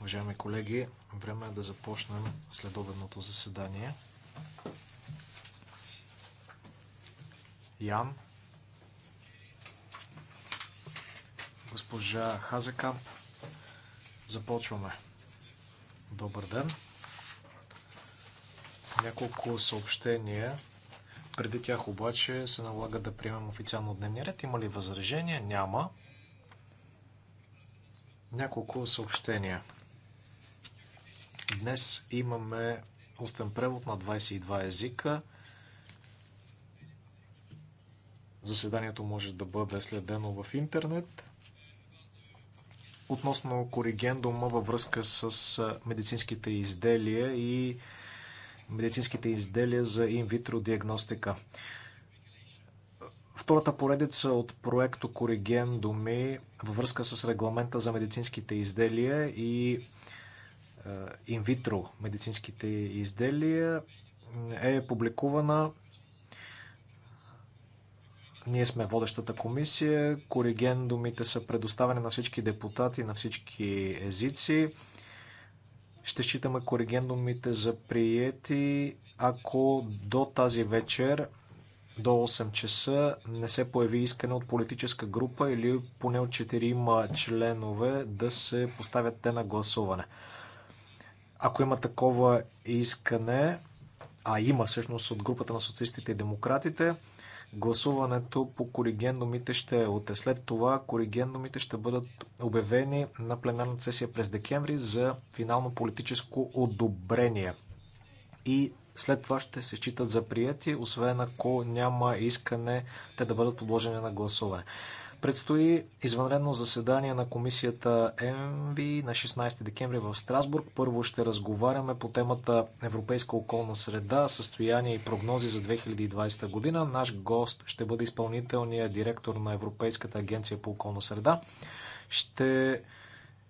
Уважаеми колеги, време е да започнем следобедното заседание. Ян, госпожа Хазекамп, започваме. Добър ден. Няколко съобщения преди тях обаче се налага да приемем официално дневния ред. Има ли възражения? Няма. Няколко съобщения. Днес имаме устен превод на 22 езика. Заседанието може да бъде следено в интернет. Относно коригендума във връзка с медицинските изделия и медицинските изделия за инвитро диагностика. Втората поредица от проекто Кориген Доми във връзка с регламента за медицинските изделия и е, инвитро медицинските изделия е публикувана. Ние сме водещата комисия. Коригендумите са предоставени на всички депутати, на всички езици. Ще считаме коригендумите за приети, ако до тази вечер до 8 часа не се появи искане от политическа група или поне от 4 членове да се поставят те на гласуване. Ако има такова искане, а има всъщност от групата на социалистите и демократите, гласуването по коригендумите ще е от След това коригендумите ще бъдат обявени на пленарната сесия през декември за финално политическо одобрение. И след това ще се считат за прияти, освен ако няма искане те да бъдат подложени на гласуване. Предстои извънредно заседание на комисията МВ на 16 декември в Страсбург. Първо ще разговаряме по темата Европейска околна среда, състояние и прогнози за 2020 година. Наш гост ще бъде изпълнителният директор на Европейската агенция по околна среда. Ще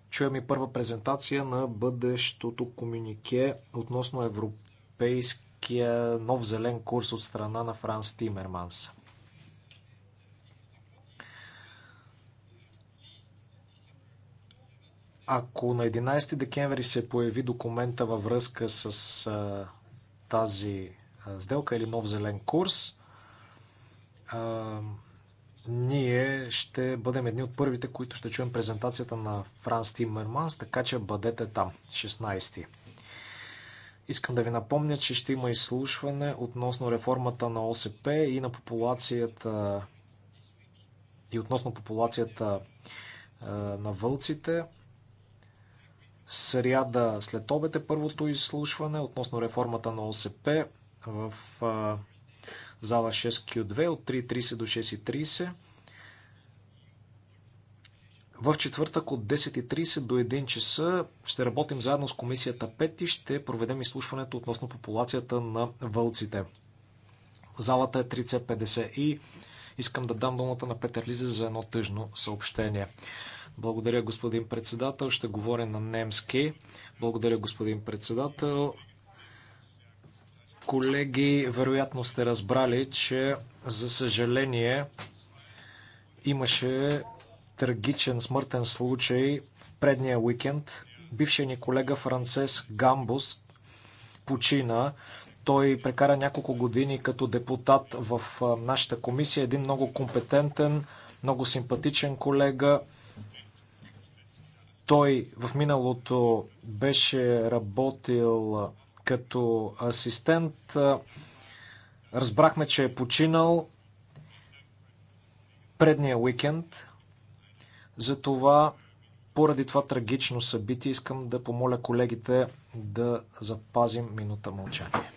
чуем и първа презентация на бъдещото комюнике относно Европейската европейския нов зелен курс от страна на Франс Тимерманс. Ако на 11 декември се появи документа във връзка с а, тази а, сделка или нов зелен курс, а, ние ще бъдем едни от първите, които ще чуем презентацията на Франс Тимерманс, така че бъдете там, 16. Искам да ви напомня, че ще има изслушване относно реформата на ОСП и на популацията и относно популацията на вълците. Сряда след обед е първото изслушване относно реформата на ОСП в зала 6Q2 от 3.30 до 6.30. В четвъртък от 10.30 до 1 часа ще работим заедно с комисията 5 и ще проведем изслушването относно популацията на вълците. Залата е 3.50 и искам да дам думата на Петър Лизе за едно тъжно съобщение. Благодаря, господин председател. Ще говоря на немски. Благодаря, господин председател. Колеги, вероятно сте разбрали, че за съжаление имаше трагичен смъртен случай предния уикенд. Бившият ни колега Францес Гамбус почина. Той прекара няколко години като депутат в нашата комисия. Един много компетентен, много симпатичен колега. Той в миналото беше работил като асистент. Разбрахме, че е починал предния уикенд. Затова, поради това трагично събитие, искам да помоля колегите да запазим минута мълчание.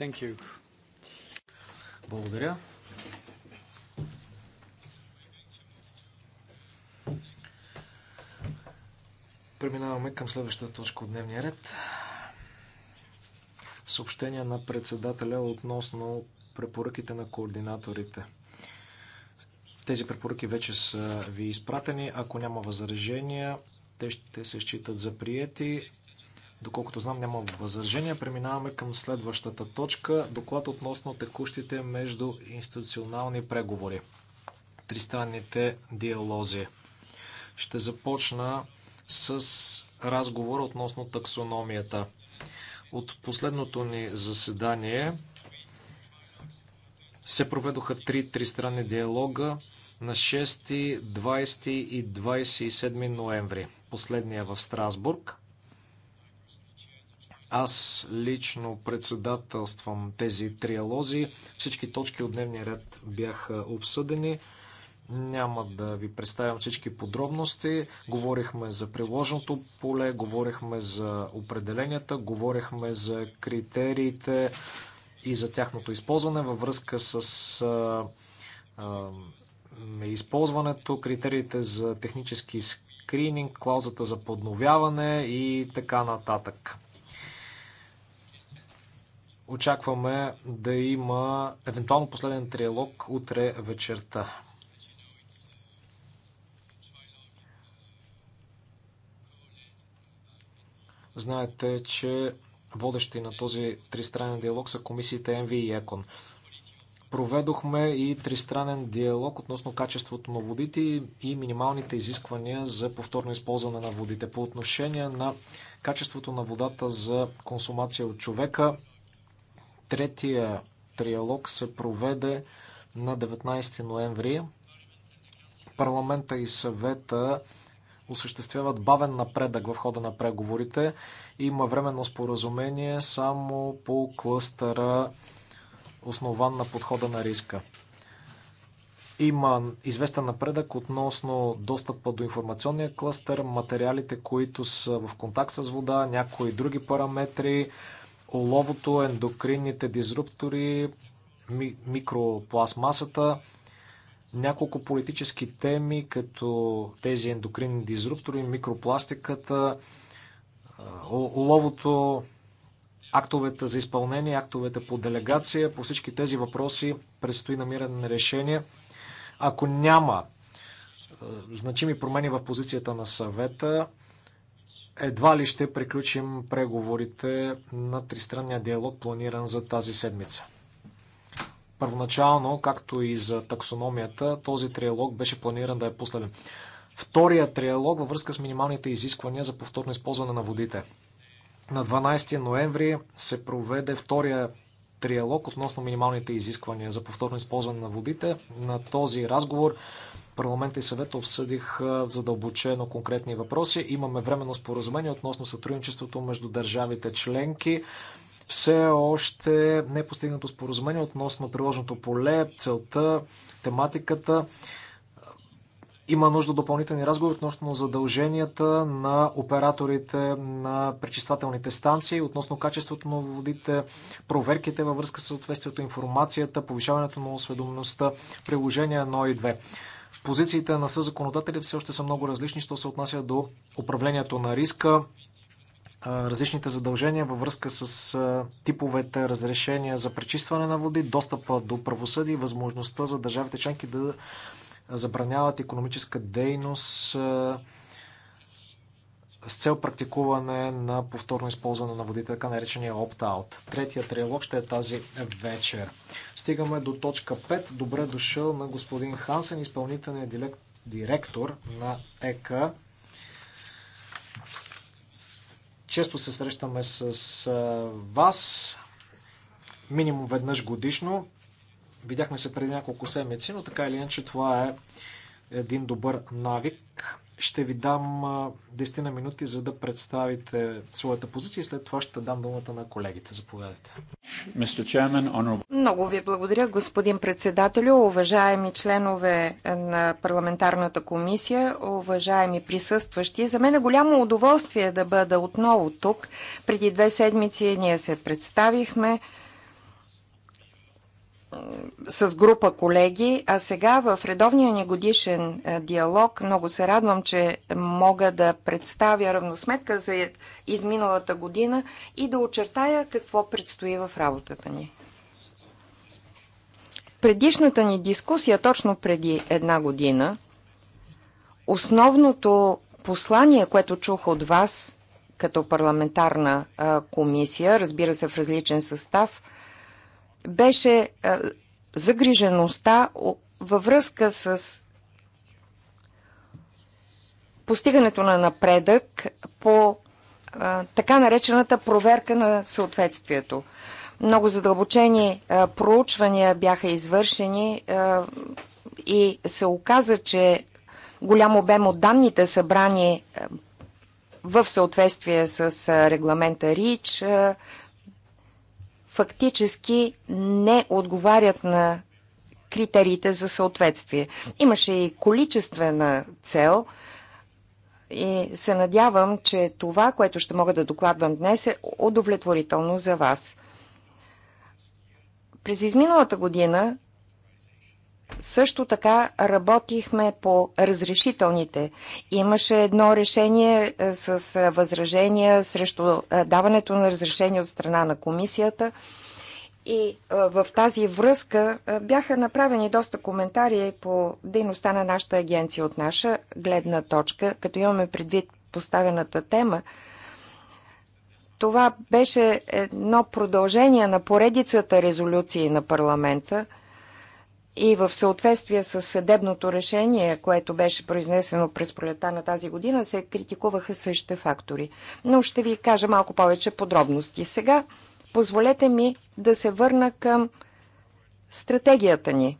Thank you. Благодаря. Преминаваме към следващата точка от дневния ред. Съобщение на председателя относно препоръките на координаторите. Тези препоръки вече са ви изпратени. Ако няма възражения, те ще се считат за приети. Доколкото знам, няма възражения. Преминаваме към следващата точка. Доклад относно текущите между институционални преговори. Тристранните диалози. Ще започна с разговор относно таксономията. От последното ни заседание се проведоха три тристранни диалога на 6, 20 и 27 ноември. Последния в Страсбург – аз лично председателствам тези триалози. Всички точки от дневния ред бяха обсъдени. Няма да ви представям всички подробности. Говорихме за приложното поле, говорихме за определенията, говорихме за критериите и за тяхното използване във връзка с а, а, използването, критериите за технически скрининг, клаузата за подновяване и така нататък. Очакваме да има евентуално последен триалог утре вечерта. Знаете, че водещи на този тристранен диалог са комисиите МВ и ЕКОН. Проведохме и тристранен диалог относно качеството на водите и минималните изисквания за повторно използване на водите. По отношение на качеството на водата за консумация от човека, Третия триалог се проведе на 19 ноември. Парламента и съвета осъществяват бавен напредък в хода на преговорите. Има временно споразумение само по клъстъра, основан на подхода на риска. Има известен напредък относно достъпа до информационния клъстър, материалите, които са в контакт с вода, някои други параметри, оловото, ендокринните дизруптори, ми, микропластмасата, няколко политически теми, като тези ендокринни дизруптори, микропластиката, оловото, актовете за изпълнение, актовете по делегация. По всички тези въпроси предстои намиране на решение. Ако няма значими промени в позицията на съвета, едва ли ще приключим преговорите на тристранния диалог, планиран за тази седмица. Първоначално, както и за таксономията, този триалог беше планиран да е последен. Втория триалог във връзка с минималните изисквания за повторно използване на водите. На 12 ноември се проведе втория триалог относно минималните изисквания за повторно използване на водите. На този разговор парламента и съвета обсъдих задълбочено конкретни въпроси. Имаме временно споразумение относно сътрудничеството между държавите членки. Все още не е постигнато споразумение относно приложното поле, целта, тематиката. Има нужда допълнителни разговори относно задълженията на операторите на пречиствателните станции, относно качеството на водите, проверките във връзка с съответствието, информацията, повишаването на осведомеността, приложения 1 и 2. Позициите на съзаконодателите все още са много различни, що се отнася до управлението на риска, различните задължения във връзка с типовете разрешения за пречистване на води, достъпа до правосъдие, възможността за държавите членки да забраняват економическа дейност с цел практикуване на повторно използване на водите, така наречения опт-аут. Третия триалог ще е тази вечер. Стигаме до точка 5. Добре дошъл на господин Хансен, изпълнителен директор на ЕК. Често се срещаме с вас, минимум веднъж годишно. Видяхме се преди няколко седмици, но така или иначе това е един добър навик ще ви дам 10 на минути, за да представите своята позиция и след това ще дам думата на колегите. Заповядайте. Много ви благодаря, господин председателю, уважаеми членове на парламентарната комисия, уважаеми присъстващи. За мен е голямо удоволствие да бъда отново тук. Преди две седмици ние се представихме с група колеги, а сега в редовния ни годишен е, диалог много се радвам, че мога да представя равносметка за изминалата година и да очертая какво предстои в работата ни. Предишната ни дискусия, точно преди една година, основното послание, което чух от вас като парламентарна комисия, разбира се в различен състав – беше е, загрижеността във връзка с постигането на напредък по е, така наречената проверка на съответствието. Много задълбочени е, проучвания бяха извършени и се оказа, че голям обем от данните събрани в съответствие с регламента РИЧ фактически не отговарят на критериите за съответствие. Имаше и количествена цел и се надявам, че това, което ще мога да докладвам днес е удовлетворително за вас. През изминалата година също така работихме по разрешителните. Имаше едно решение е, с е, възражения срещу е, даването на разрешение от страна на комисията. И в тази връзка бяха направени доста коментари по дейността на нашата агенция от наша гледна точка, като имаме предвид поставената тема. Това беше едно продължение на поредицата резолюции на парламента – и в съответствие с съдебното решение, което беше произнесено през пролета на тази година, се критикуваха същите фактори. Но ще ви кажа малко повече подробности. Сега позволете ми да се върна към стратегията ни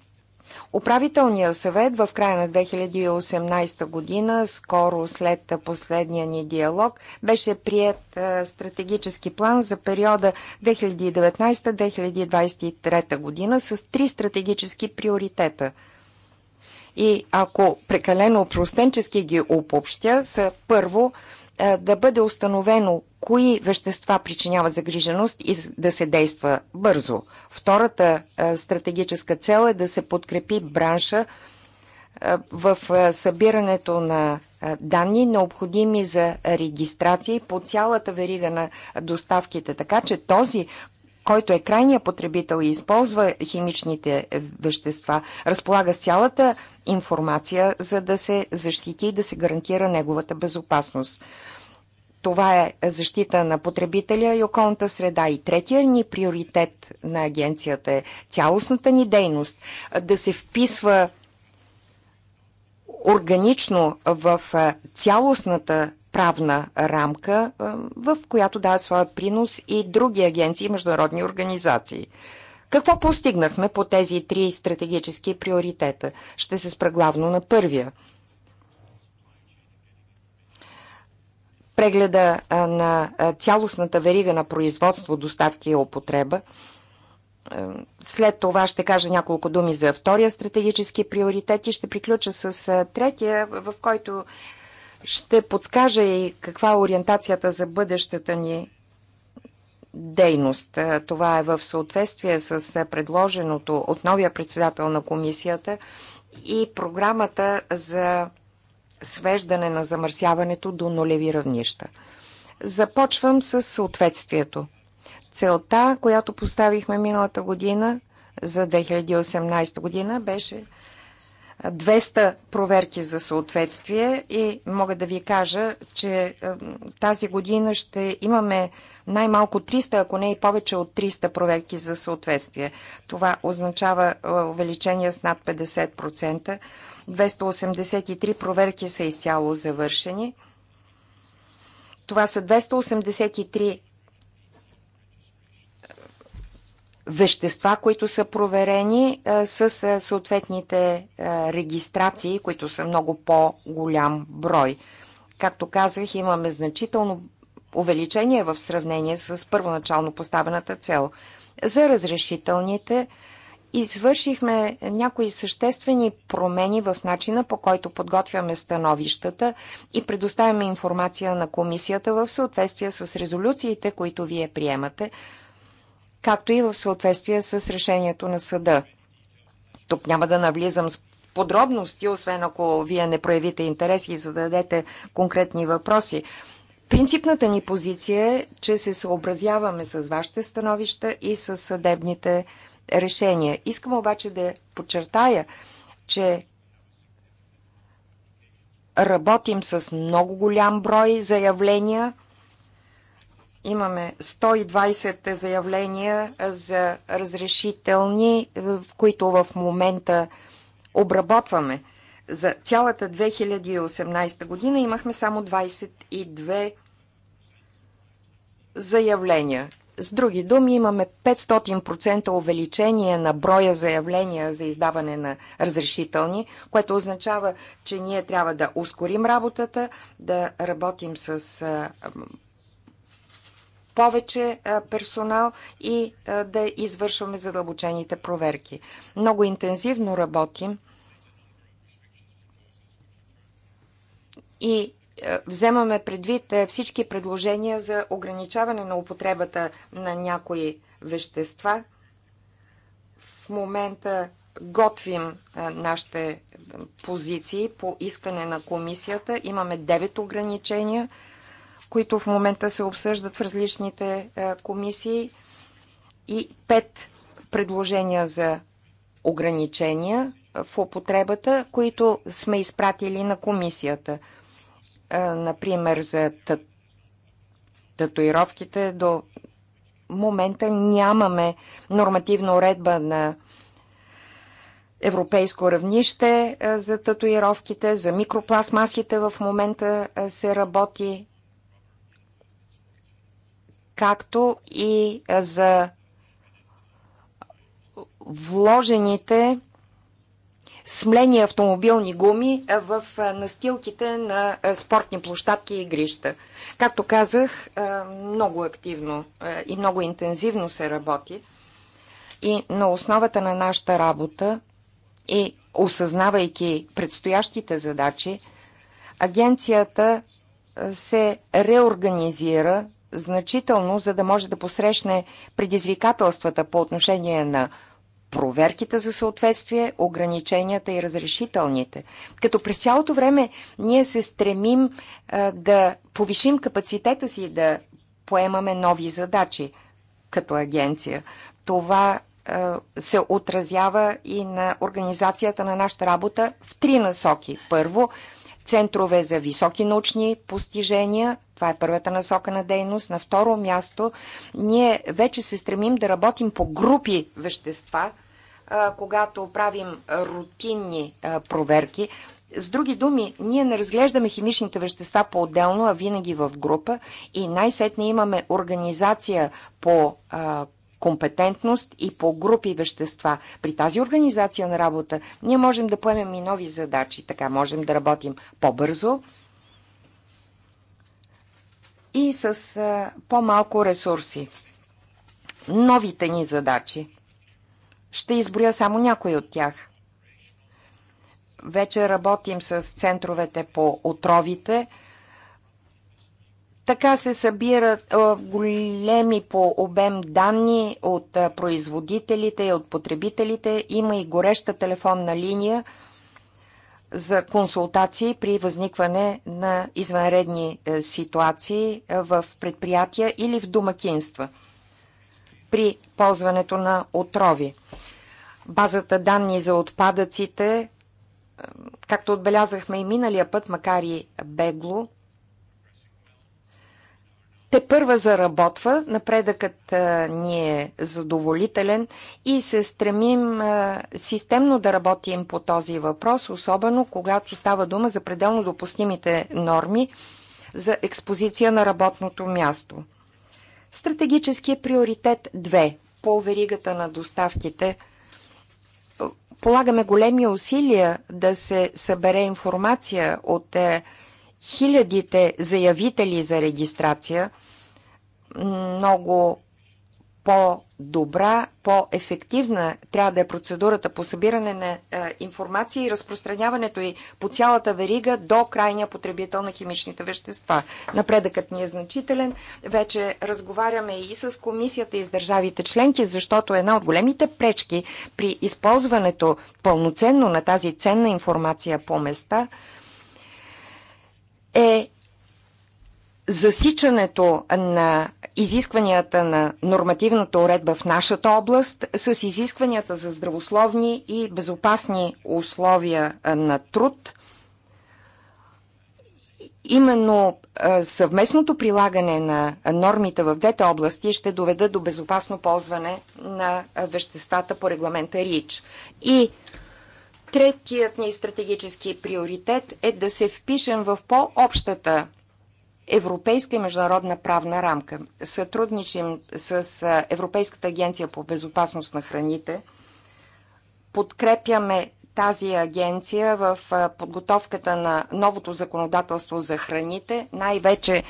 Управителният съвет в края на 2018 година, скоро след последния ни диалог, беше прият стратегически план за периода 2019-2023 година с три стратегически приоритета. И ако прекалено простенчески ги обобщя, са първо е, да бъде установено кои вещества причиняват загриженост и да се действа бързо. Втората е, стратегическа цел е да се подкрепи бранша е, в събирането на данни, необходими за регистрации по цялата верига на доставките, така че този, който е крайният потребител и използва химичните вещества, разполага с цялата информация, за да се защити и да се гарантира неговата безопасност. Това е защита на потребителя и околната среда. И третия ни приоритет на агенцията е цялостната ни дейност да се вписва органично в цялостната правна рамка, в която дават своя принос и други агенции и международни организации. Какво постигнахме по тези три стратегически приоритета? Ще се спра главно на първия. Прегледа на цялостната верига на производство, доставки и употреба. След това ще кажа няколко думи за втория стратегически приоритет и ще приключа с третия, в който ще подскажа и каква е ориентацията за бъдещата ни дейност. Е, това е в съответствие с е, предложеното от новия председател на комисията и програмата за свеждане на замърсяването до нулеви равнища. Започвам с съответствието. Целта, която поставихме миналата година за 2018 година, беше 200 проверки за съответствие и мога да ви кажа, че тази година ще имаме най-малко 300, ако не и повече от 300 проверки за съответствие. Това означава увеличение с над 50%. 283 проверки са изцяло завършени. Това са 283 вещества, които са проверени с съответните регистрации, които са много по-голям брой. Както казах, имаме значително увеличение в сравнение с първоначално поставената цел. За разрешителните извършихме някои съществени промени в начина по който подготвяме становищата и предоставяме информация на комисията в съответствие с резолюциите, които вие приемате – както и в съответствие с решението на съда. Тук няма да навлизам с подробности, освен ако вие не проявите интерес и зададете конкретни въпроси. Принципната ни позиция е, че се съобразяваме с вашите становища и с съдебните решения. Искам обаче да подчертая, че работим с много голям брой заявления – Имаме 120 заявления за разрешителни, в които в момента обработваме. За цялата 2018 година имахме само 22 заявления. С други думи, имаме 500% увеличение на броя заявления за издаване на разрешителни, което означава, че ние трябва да ускорим работата, да работим с повече е, персонал и е, да извършваме задълбочените проверки. Много интензивно работим и е, вземаме предвид всички предложения за ограничаване на употребата на някои вещества. В момента готвим нашите позиции по искане на комисията. Имаме 9 ограничения – които в момента се обсъждат в различните е, комисии и пет предложения за ограничения е, в употребата, които сме изпратили на комисията. Е, например, за татуировките до момента нямаме нормативна уредба на европейско равнище за татуировките, за микропластмасите в момента се работи както и за вложените смлени автомобилни гуми в настилките на спортни площадки и игрища. Както казах, много активно и много интензивно се работи и на основата на нашата работа и осъзнавайки предстоящите задачи, агенцията се реорганизира значително, за да може да посрещне предизвикателствата по отношение на проверките за съответствие, ограниченията и разрешителните. Като през цялото време ние се стремим а, да повишим капацитета си да поемаме нови задачи като агенция. Това а, се отразява и на организацията на нашата работа в три насоки. Първо, центрове за високи научни постижения. Това е първата насока на дейност. На второ място, ние вече се стремим да работим по групи вещества, когато правим рутинни проверки. С други думи, ние не разглеждаме химичните вещества по-отделно, а винаги в група и най-сетне имаме организация по компетентност и по групи вещества. При тази организация на работа ние можем да поемем и нови задачи, така можем да работим по-бързо и с по-малко ресурси. Новите ни задачи. Ще изброя само някои от тях. Вече работим с центровете по отровите – така се събират големи по обем данни от производителите и от потребителите. Има и гореща телефонна линия за консултации при възникване на извънредни ситуации в предприятия или в домакинства при ползването на отрови. Базата данни за отпадъците, както отбелязахме и миналия път, макар и бегло, те първа заработва, напредъкът ни е задоволителен и се стремим системно да работим по този въпрос, особено когато става дума за пределно допустимите норми за експозиция на работното място. Стратегически е приоритет 2 по веригата на доставките. Полагаме големи усилия да се събере информация от е, хилядите заявители за регистрация много по-добра, по-ефективна трябва да е процедурата по събиране на е, информация и разпространяването и по цялата верига до крайния потребител на химичните вещества. Напредъкът ни е значителен. Вече разговаряме и с комисията и с държавите членки, защото една от големите пречки при използването пълноценно на тази ценна информация по места – е засичането на изискванията на нормативната уредба в нашата област с изискванията за здравословни и безопасни условия на труд. Именно съвместното прилагане на нормите в двете области ще доведе до безопасно ползване на веществата по регламента РИЧ. И Третият ни стратегически приоритет е да се впишем в по-общата европейска и международна правна рамка. Сътрудничим с Европейската агенция по безопасност на храните. Подкрепяме тази агенция в подготовката на новото законодателство за храните, най-вече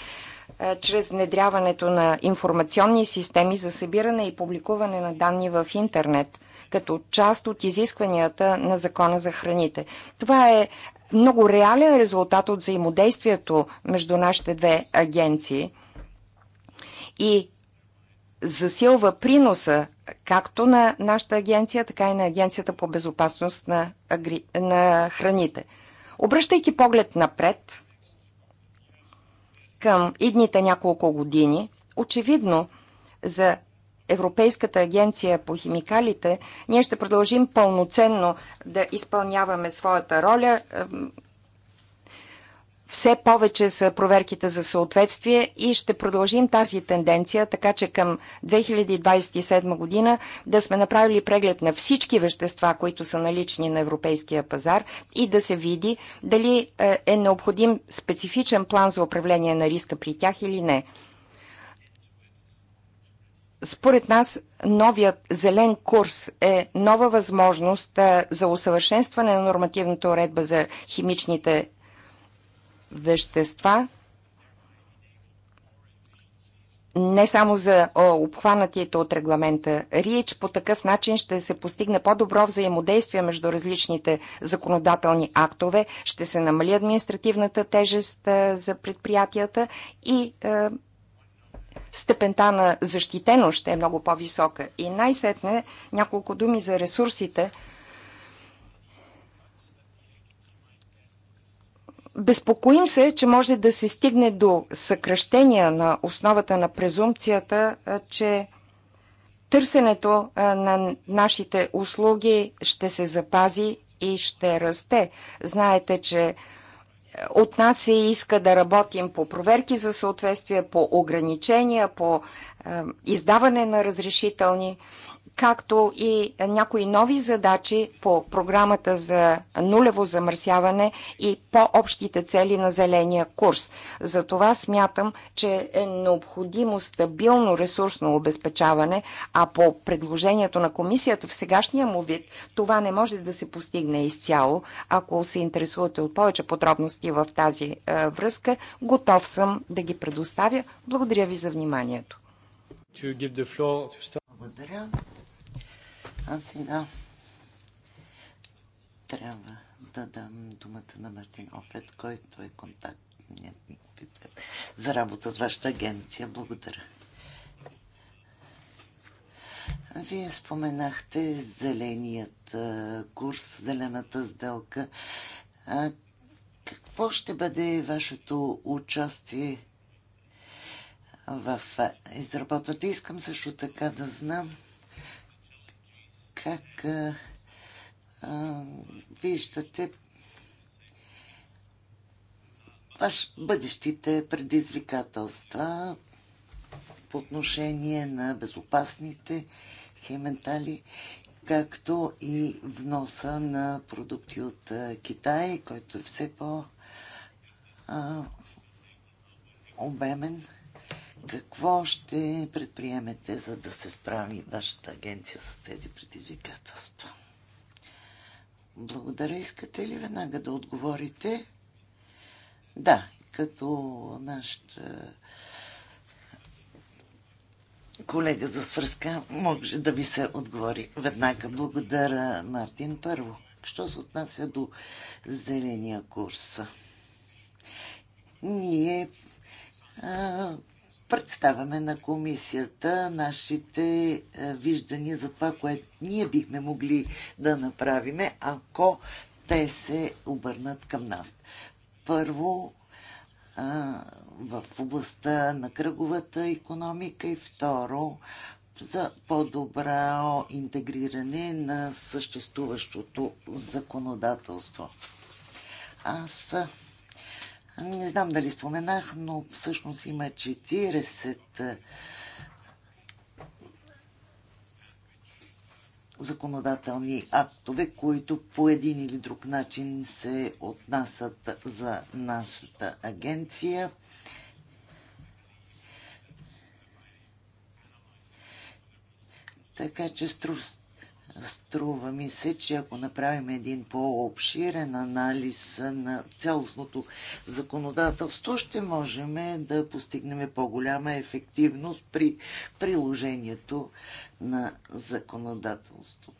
чрез внедряването на информационни системи за събиране и публикуване на данни в интернет – като част от изискванията на Закона за храните. Това е много реален резултат от взаимодействието между нашите две агенции и засилва приноса както на нашата агенция, така и на Агенцията по безопасност на, агри... на храните. Обръщайки поглед напред към идните няколко години, очевидно за Европейската агенция по химикалите, ние ще продължим пълноценно да изпълняваме своята роля. Все повече са проверките за съответствие и ще продължим тази тенденция, така че към 2027 година да сме направили преглед на всички вещества, които са налични на европейския пазар и да се види дали е, е необходим специфичен план за управление на риска при тях или не. Според нас новият зелен курс е нова възможност за усъвършенстване на нормативната уредба за химичните вещества, не само за обхванатите от регламента РИЧ, по такъв начин ще се постигне по-добро взаимодействие между различните законодателни актове, ще се намали административната тежест за предприятията и степента на защитеност ще е много по-висока. И най-сетне няколко думи за ресурсите. Безпокоим се, че може да се стигне до съкръщения на основата на презумпцията, че търсенето на нашите услуги ще се запази и ще расте. Знаете, че от нас се иска да работим по проверки за съответствие, по ограничения, по е, издаване на разрешителни както и някои нови задачи по програмата за нулево замърсяване и по-общите цели на зеления курс. За това смятам, че е необходимо стабилно ресурсно обезпечаване, а по предложението на комисията в сегашния му вид това не може да се постигне изцяло. Ако се интересувате от повече подробности в тази е, връзка, готов съм да ги предоставя. Благодаря ви за вниманието. Благодаря. А сега трябва да дам думата на Мартин Офет, който е контактният офицер за работа с вашата агенция. Благодаря. Вие споменахте зеленият курс, зелената сделка. Какво ще бъде вашето участие в изработването? Искам също така да знам как а, а, виждате ваш бъдещите предизвикателства по отношение на безопасните хементали, както и вноса на продукти от Китай, който е все по обемен. Какво ще предприемете, за да се справи вашата агенция с тези предизвикателства? Благодаря. Искате ли веднага да отговорите? Да, като наш е, колега за свръзка може да ви се отговори веднага. Благодаря, Мартин. Първо, що се отнася до зеления курс? Ние а, е, представяме на комисията нашите е, виждания за това, което ние бихме могли да направиме, ако те се обърнат към нас. Първо, е, в областта на кръговата економика и второ, за по-добро интегриране на съществуващото законодателство. Аз не знам дали споменах, но всъщност има 40 е, законодателни актове, които по един или друг начин се отнасят за нашата агенция. Така че струст Струва ми се, че ако направим един по-обширен анализ на цялостното законодателство, ще можем да постигнем по-голяма ефективност при приложението на законодателство.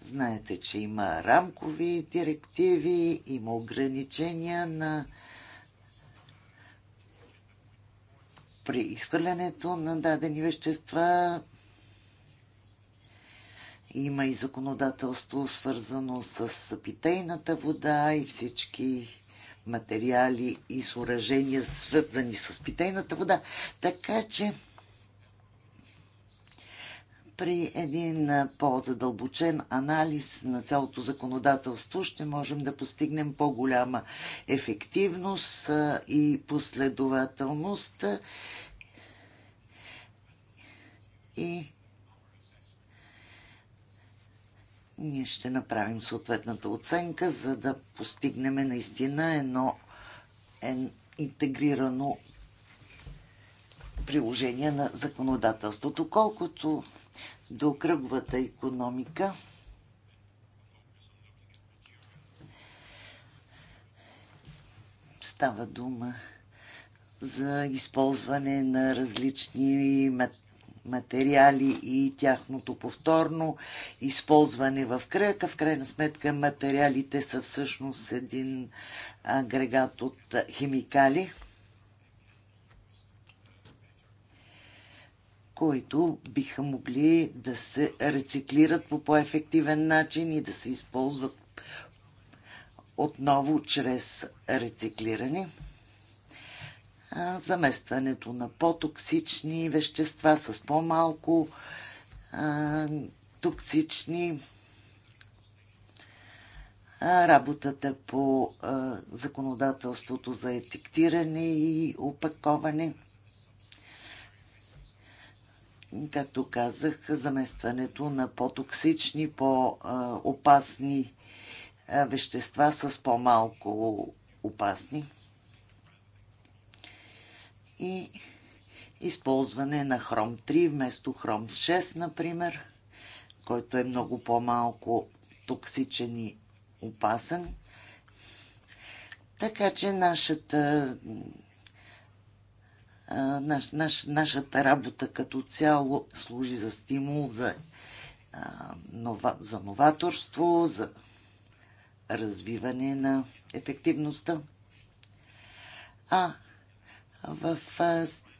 Знаете, че има рамкови директиви, има ограничения на при изхвърлянето на дадени вещества, има и законодателство, свързано с питейната вода и всички материали и съоръжения, свързани с питейната вода. Така че при един по-задълбочен анализ на цялото законодателство ще можем да постигнем по-голяма ефективност и последователност и ние ще направим съответната оценка, за да постигнем наистина едно е, интегрирано приложение на законодателството. Колкото до кръговата економика, става дума за използване на различни мет материали и тяхното повторно използване в кръка. В крайна сметка материалите са всъщност един агрегат от химикали, които биха могли да се рециклират по по-ефективен начин и да се използват отново чрез рециклиране заместването на по-токсични вещества с по-малко токсични работата по законодателството за етиктиране и опаковане. Както казах, заместването на по-токсични, по-опасни вещества с по-малко опасни и използване на хром 3 вместо хром 6, например, който е много по-малко токсичен и опасен. Така че нашата, наш, наш, нашата работа като цяло служи за стимул за, за новаторство, за развиване на ефективността. А в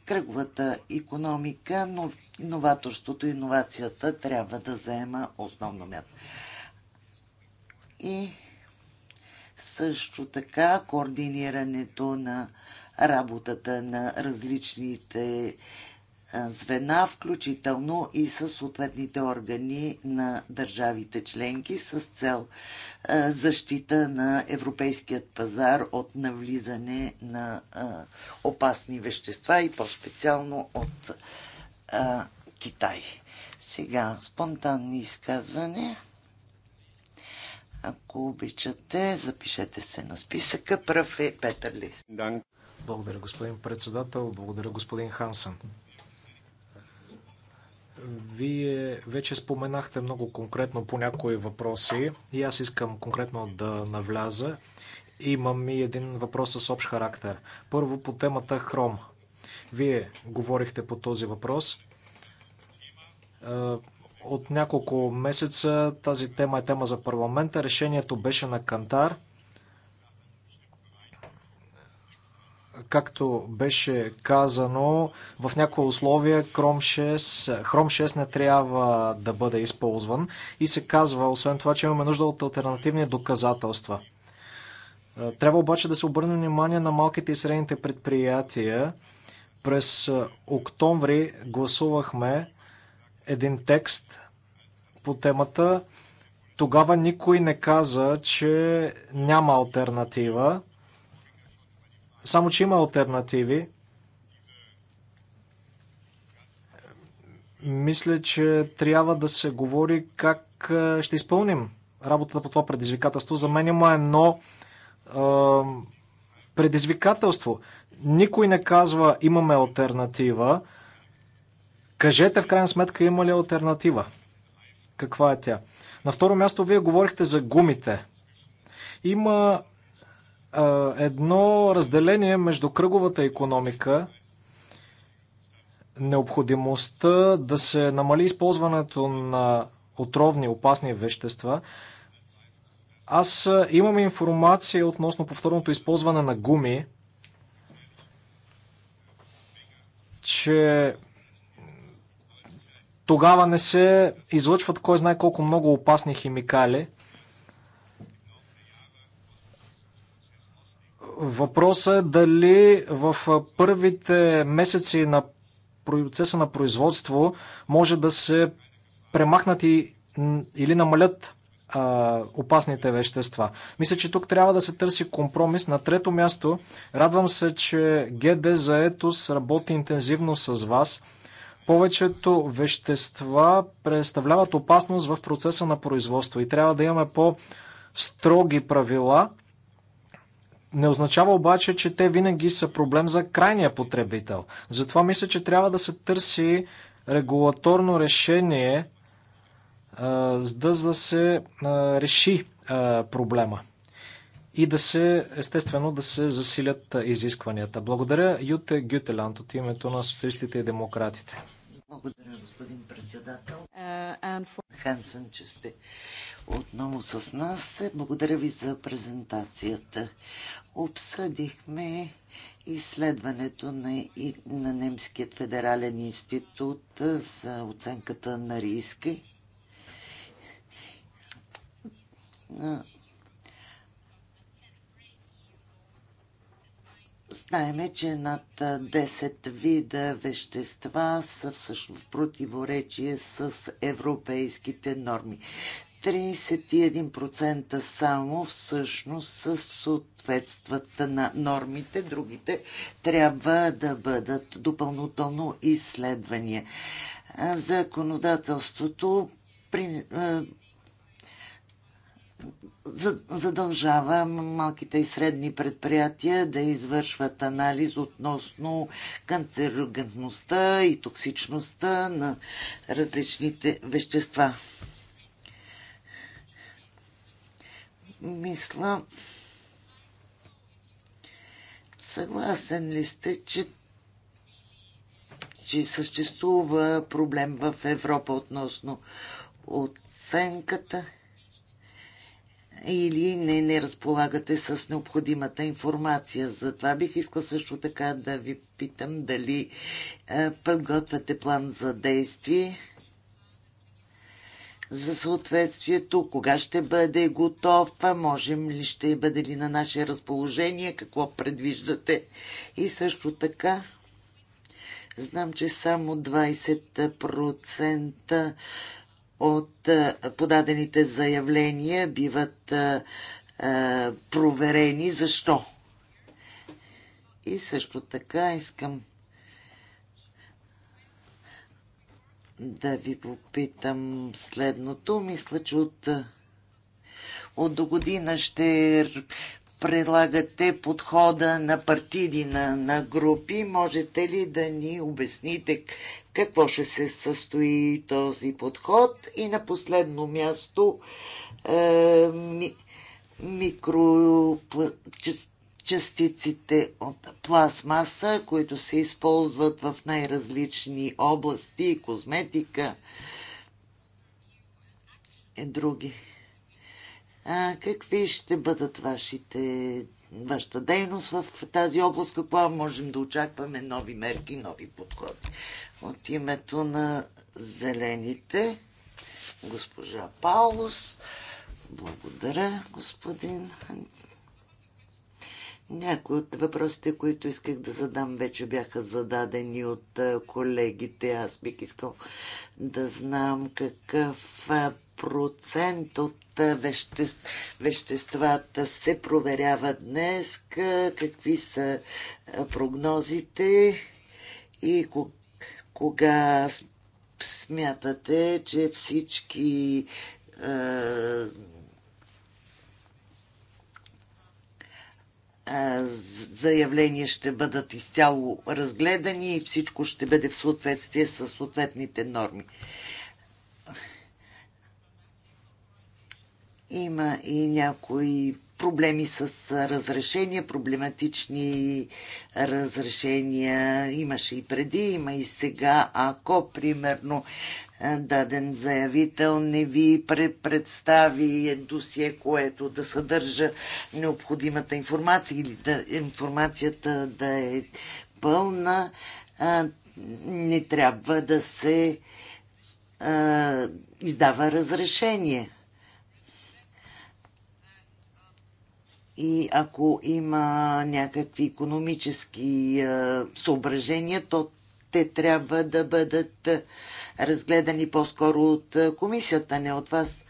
кръговата економика, но иноваторството и иновацията трябва да заема основно място. И също така координирането на работата на различните звена, включително и с съответните органи на държавите членки с цел защита на европейският пазар от навлизане на опасни вещества и по-специално от Китай. Сега, спонтанни изказвания. Ако обичате, запишете се на списъка. Пръв е Петър Лис. Благодаря, господин председател. Благодаря, господин Хансън. Вие вече споменахте много конкретно по някои въпроси и аз искам конкретно да навляза. Имам и един въпрос с общ характер. Първо по темата Хром. Вие говорихте по този въпрос. Е, от няколко месеца тази тема е тема за парламента. Решението беше на Кантар. както беше казано, в някои условия Chrome 6, Chrome 6 не трябва да бъде използван и се казва, освен това, че имаме нужда от альтернативни доказателства. Е, трябва обаче да се обърне внимание на малките и средните предприятия. През е, октомври гласувахме един текст по темата. Тогава никой не каза, че няма альтернатива. Само, че има альтернативи. Мисля, че трябва да се говори как ще изпълним работата по това предизвикателство. За мен има едно е, предизвикателство. Никой не казва имаме альтернатива. Кажете в крайна сметка има ли альтернатива? Каква е тя? На второ място вие говорихте за гумите. Има едно разделение между кръговата економика, необходимостта да се намали използването на отровни, опасни вещества. Аз имам информация относно повторното използване на гуми, че тогава не се излъчват кой знае колко много опасни химикали – Въпросът е дали в първите месеци на процеса на производство може да се премахнат и, или намалят а, опасните вещества. Мисля, че тук трябва да се търси компромис. На трето място, радвам се, че ГД за Етос работи интензивно с вас. Повечето вещества представляват опасност в процеса на производство и трябва да имаме по-строги правила – не означава обаче, че те винаги са проблем за крайния потребител. Затова мисля, че трябва да се търси регулаторно решение, за да се реши проблема и да се, естествено, да се засилят изискванията. Благодаря Юте Гютеланд от името на социалистите и демократите. Благодаря, господин председател. Uh, Хансен, че сте отново с нас. Благодаря ви за презентацията. Обсъдихме изследването на, на Немският федерален институт за оценката на риски Знаеме, че над 10 вида вещества са всъщност в противоречие с европейските норми. 31% само всъщност съответстват на нормите, другите трябва да бъдат допълнително изследвания. Законодателството при, задължава малките и средни предприятия да извършват анализ относно канцерогенността и токсичността на различните вещества. Мисля, съгласен ли сте, че че съществува проблем в Европа относно оценката или не, не разполагате с необходимата информация. Затова бих искал също така да ви питам дали е, подготвяте план за действие за съответствието, кога ще бъде готов, можем ли ще бъде ли на наше разположение, какво предвиждате и също така Знам, че само 20% от е, подадените заявления биват е, е, проверени. Защо? И също така искам да ви попитам следното. Мисля, че от, от до година ще предлагате подхода на партиди на, на групи. Можете ли да ни обясните какво ще се състои този подход? И на последно място е, ми, микрочастиците от пластмаса, които се използват в най-различни области, козметика и е други какви ще бъдат вашите, вашата дейност в тази област, какво можем да очакваме, нови мерки, нови подходи. От името на зелените, госпожа Паулос, благодаря, господин Някои от въпросите, които исках да задам, вече бяха зададени от колегите. Аз бих искал да знам какъв процент от веществ... веществата се проверява днес, какви са прогнозите и кога смятате, че всички заявления ще бъдат изцяло разгледани и всичко ще бъде в съответствие с съответните норми. Има и някои проблеми с разрешения, проблематични разрешения. Имаше и преди, има и сега. Ако, примерно, даден заявител не ви представи е досие, което да съдържа необходимата информация или да, информацията да е пълна, не трябва да се издава разрешение И ако има някакви економически съображения, то те трябва да бъдат разгледани по-скоро от комисията, не от вас.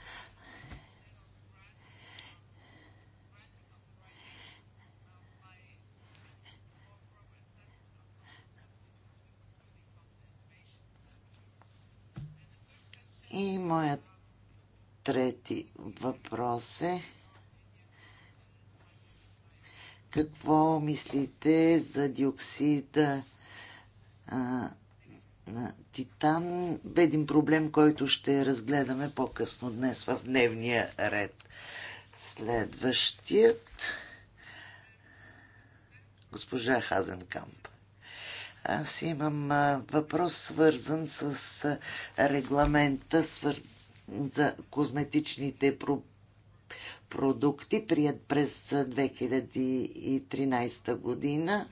И моят трети въпрос е какво мислите за диоксида а, на титан? Един проблем, който ще разгледаме по-късно днес в дневния ред. Следващият госпожа Хазенкамп. Аз имам а, въпрос свързан с а, регламента свърз... за козметичните продукти продукти, прият през 2013 година.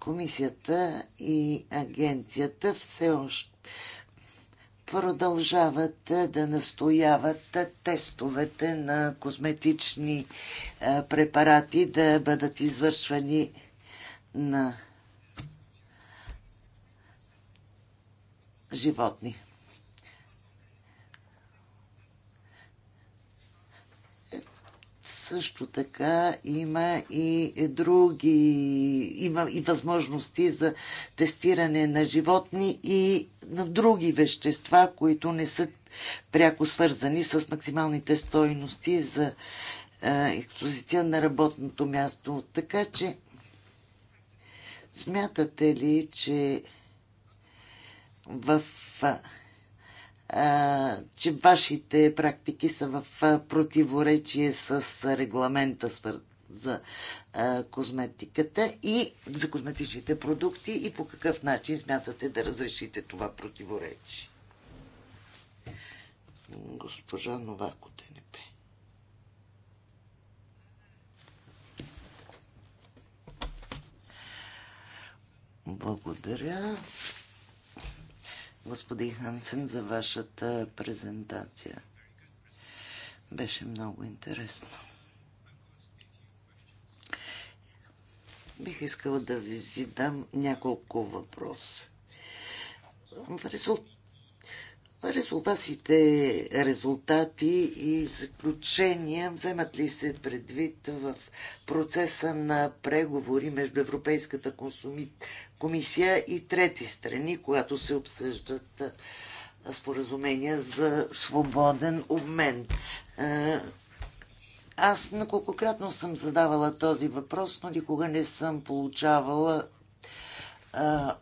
Комисията и агенцията все още продължават да настояват тестовете на козметични препарати да бъдат извършвани на животни. също така има и други, има и възможности за тестиране на животни и на други вещества, които не са пряко свързани с максималните стойности за е, експозиция на работното място. Така че смятате ли, че в че вашите практики са в противоречие с регламента за козметиката и за козметичните продукти и по какъв начин смятате да разрешите това противоречие? Госпожа Новако ТНП. Благодаря господин Хансен, за вашата презентация. Беше много интересно. Бих искала да ви задам няколко въпроса. В резултат Резултатите, резултати и заключения вземат ли се предвид в процеса на преговори между Европейската комисия и трети страни, когато се обсъждат споразумения за свободен обмен? Аз неколкократно съм задавала този въпрос, но никога не съм получавала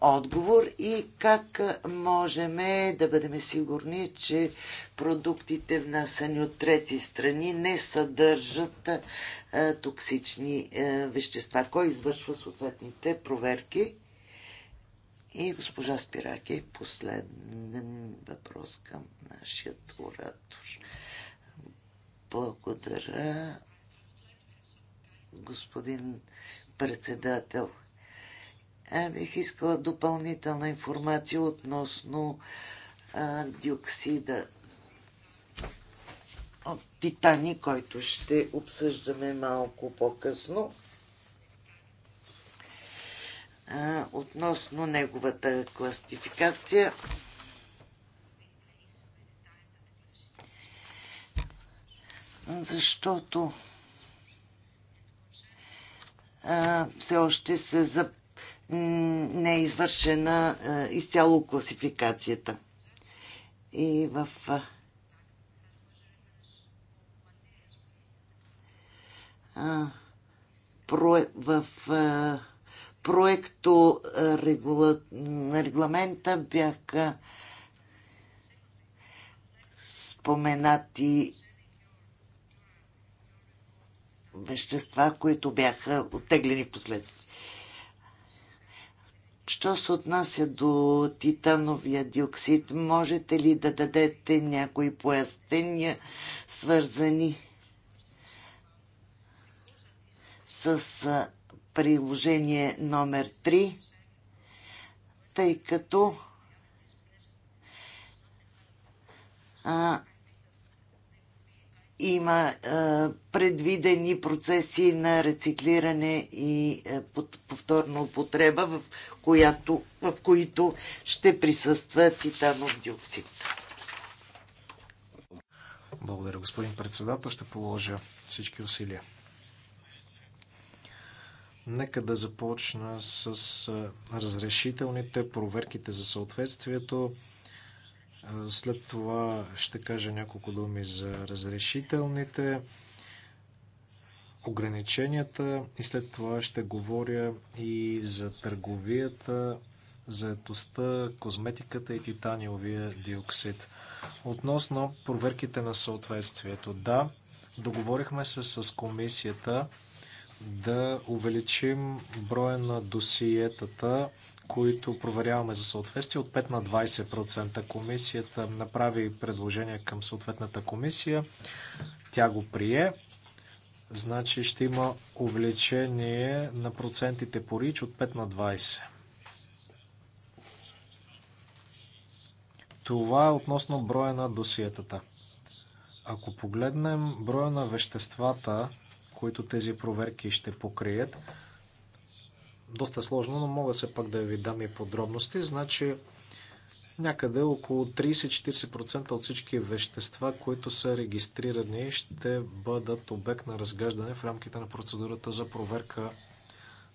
отговор и как можем да бъдем сигурни, че продуктите внасяни от трети страни не съдържат токсични вещества. Кой извършва съответните проверки? И госпожа Спираки, последен въпрос към нашия оратор. Благодаря, господин председател бих искала допълнителна информация относно а, диоксида от титани, който ще обсъждаме малко по-късно. Относно неговата класификация. Защото все още се не е извършена изцяло класификацията. И в в проекто на регламента бяха споменати вещества, които бяха оттеглени в последствие. Що се отнася до титановия диоксид, можете ли да дадете някои пояснения, свързани с приложение номер 3, тъй като а, има предвидени процеси на рециклиране и повторна употреба, в, която, в които ще присъства титанов диоксид. Благодаря, господин председател. Ще положа всички усилия. Нека да започна с разрешителните проверките за съответствието. След това ще кажа няколко думи за разрешителните, ограниченията и след това ще говоря и за търговията, заетостта, козметиката и титаниовия диоксид. Относно проверките на съответствието. Да, договорихме се с комисията да увеличим броя на досиетата които проверяваме за съответствие от 5 на 20%. Комисията направи предложение към съответната комисия, тя го прие. Значи ще има увеличение на процентите по рич от 5 на 20. Това е относно броя на досиетата. Ако погледнем броя на веществата, които тези проверки ще покрият, доста сложно, но мога се пак да ви дам и подробности. Значи някъде около 30-40% от всички вещества, които са регистрирани, ще бъдат обект на разглеждане в рамките на процедурата за проверка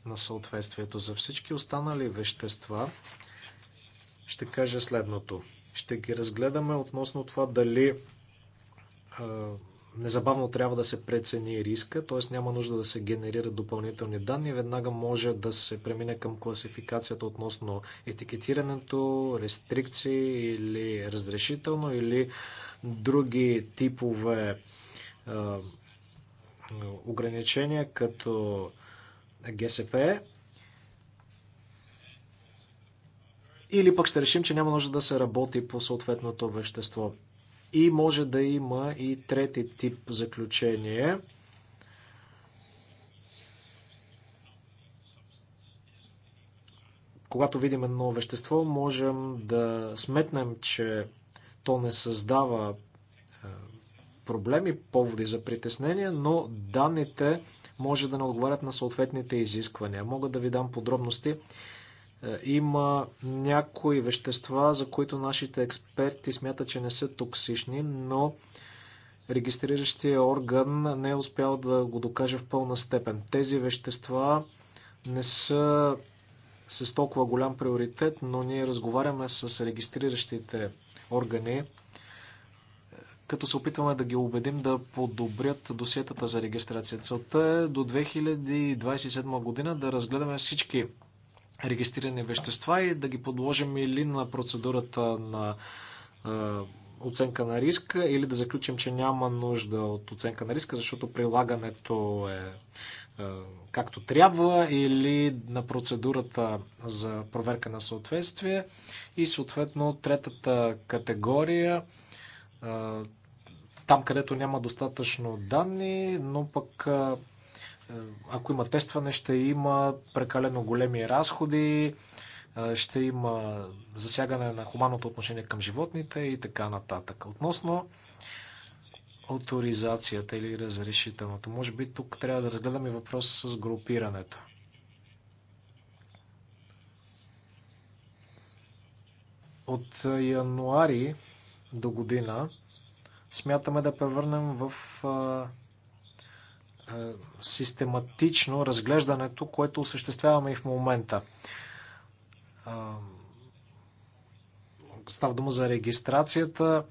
на съответствието. За всички останали вещества ще кажа следното. Ще ги разгледаме относно това дали Незабавно трябва да се прецени риска, т.е. няма нужда да се генерират допълнителни данни. Веднага може да се премине към класификацията относно етикетирането, рестрикции или разрешително или други типове е, ограничения, като ГСП. Или пък ще решим, че няма нужда да се работи по съответното вещество. И може да има и трети тип заключение. Когато видим едно вещество, можем да сметнем, че то не създава е, проблеми, поводи за притеснение, но данните може да не отговарят на съответните изисквания. Мога да ви дам подробности е, има някои вещества, за които нашите експерти смятат, че не са токсични, но регистриращия орган не е успял да го докаже в пълна степен. Тези вещества не са с толкова голям приоритет, но ние разговаряме с регистриращите органи, като се опитваме да ги убедим да подобрят досиетата за регистрация. Целта е до 2027 година да разгледаме всички регистрирани вещества и да ги подложим или на процедурата на оценка на риска или да заключим, че няма нужда от оценка на риска, защото прилагането е както трябва или на процедурата за проверка на съответствие и съответно третата категория там, където няма достатъчно данни, но пък е, ако има тестване, ще има прекалено големи разходи, е, ще има засягане на хуманното отношение към животните и така нататък. Относно авторизацията или разрешителното, може би тук трябва да разгледаме въпрос с групирането. От януари до година смятаме да превърнем в е, е, систематично разглеждането, което осъществяваме и в момента. Става дума за регистрацията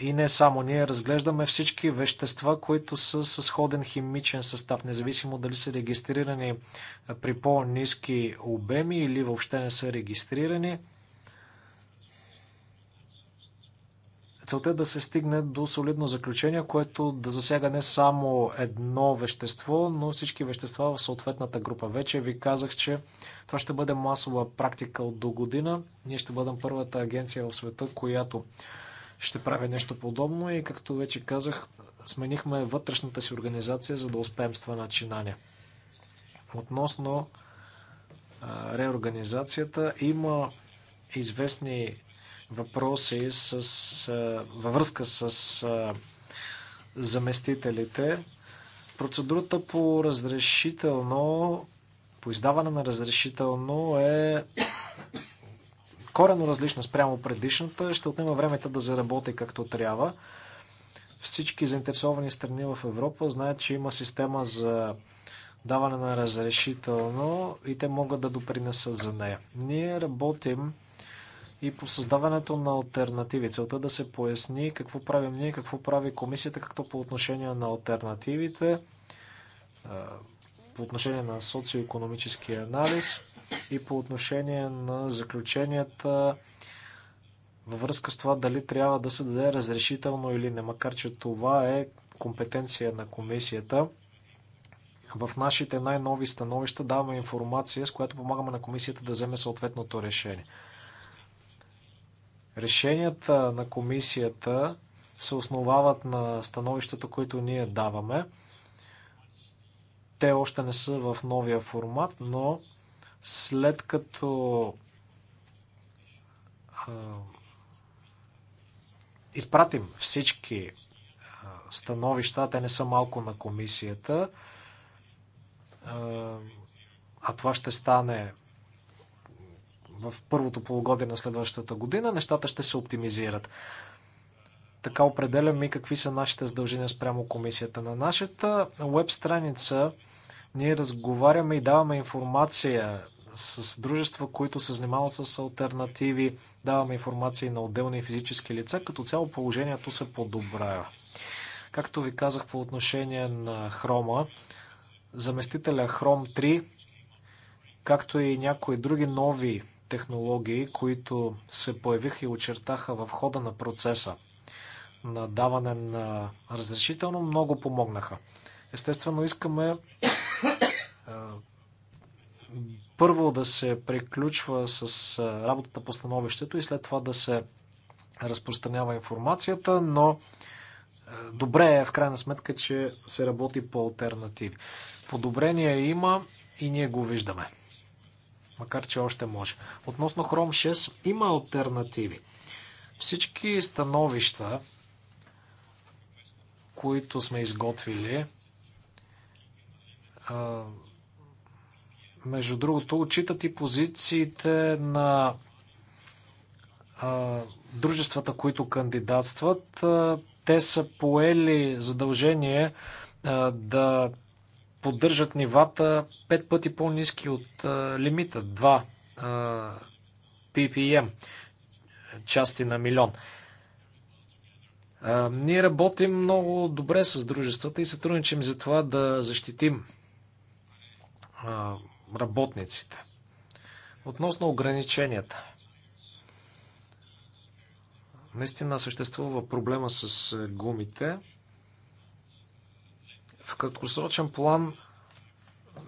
и не само. Ние разглеждаме всички вещества, които са с сходен химичен състав, независимо дали са регистрирани при по-низки обеми или въобще не са регистрирани – Целта е да се стигне до солидно заключение, което да засяга не само едно вещество, но всички вещества в съответната група. Вече ви казах, че това ще бъде масова практика от до година. Ние ще бъдем първата агенция в света, която ще прави нещо подобно и както вече казах, сменихме вътрешната си организация, за да успеем с това начинание. Относно реорганизацията, има известни въпроси с, във връзка с заместителите. Процедурата по разрешително, по издаване на разрешително е корено различна спрямо предишната. Ще отнема времето да заработи както трябва. Всички заинтересовани страни в Европа знаят, че има система за даване на разрешително и те могат да допринесат за нея. Ние работим и по създаването на альтернативи. Целта е да се поясни какво правим ние, какво прави комисията, както по отношение на альтернативите, по отношение на социоекономическия анализ и по отношение на заключенията във връзка с това дали трябва да се даде разрешително или не, макар че това е компетенция на комисията. В нашите най-нови становища даваме информация, с която помагаме на комисията да вземе съответното решение. Решенията на комисията се основават на становищата, които ние даваме. Те още не са в новия формат, но след като а, изпратим всички а, становища, те не са малко на комисията, а, а това ще стане в първото полугодие на следващата година, нещата ще се оптимизират. Така определяме и какви са нашите задължения спрямо комисията. На нашата веб страница ние разговаряме и даваме информация с дружества, които се занимават с альтернативи, даваме информация на отделни физически лица, като цяло положението се подобрява. Както ви казах по отношение на хрома, заместителя Chrome 3, както и някои други нови технологии, които се появиха и очертаха в хода на процеса на даване на разрешително, много помогнаха. Естествено, искаме първо да се приключва с работата по становището и след това да се разпространява информацията, но добре е в крайна сметка, че се работи по альтернативи. Подобрения има и ние го виждаме макар че още може. Относно Хром 6 има альтернативи. Всички становища, които сме изготвили, между другото, отчитат и позициите на дружествата, които кандидатстват. Те са поели задължение да поддържат нивата 5 пъти по-низки от лимита 2 ppm части на милион. Ние работим много добре с дружествата и сътрудничим за това да защитим работниците. Относно ограниченията. Наистина съществува проблема с гумите. В краткосрочен план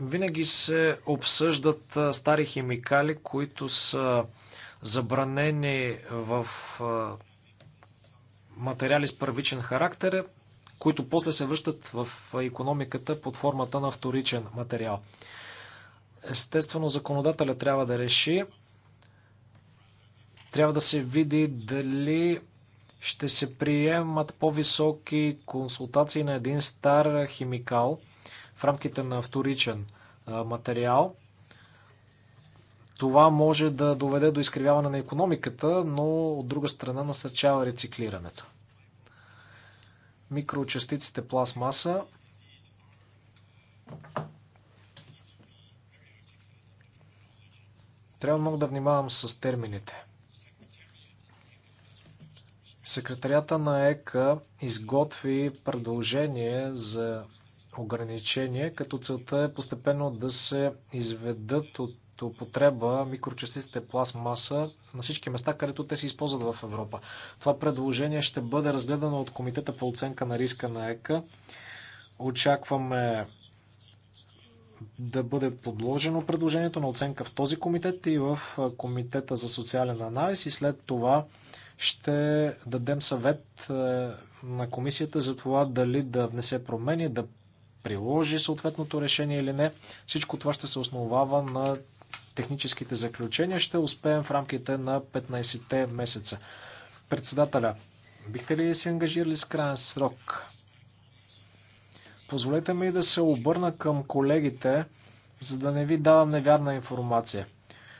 винаги се обсъждат стари химикали, които са забранени в материали с първичен характер, които после се връщат в економиката под формата на вторичен материал. Естествено, законодателя трябва да реши, трябва да се види дали ще се приемат по-високи консултации на един стар химикал в рамките на вторичен материал. Това може да доведе до изкривяване на економиката, но от друга страна насърчава рециклирането. Микрочастиците пластмаса. Трябва много да внимавам с термините. Секретарията на ЕКА изготви предложение за ограничение, като целта е постепенно да се изведат от употреба микрочастиците пластмаса на всички места, където те се използват в Европа. Това предложение ще бъде разгледано от Комитета по оценка на риска на ЕКА. Очакваме да бъде подложено предложението на оценка в този комитет и в Комитета за социален анализ и след това ще дадем съвет е, на комисията за това дали да внесе промени, да приложи съответното решение или не. Всичко това ще се основава на техническите заключения. Ще успеем в рамките на 15-те месеца. Председателя, бихте ли се ангажирали с крайен срок? Позволете ми да се обърна към колегите, за да не ви давам невярна информация.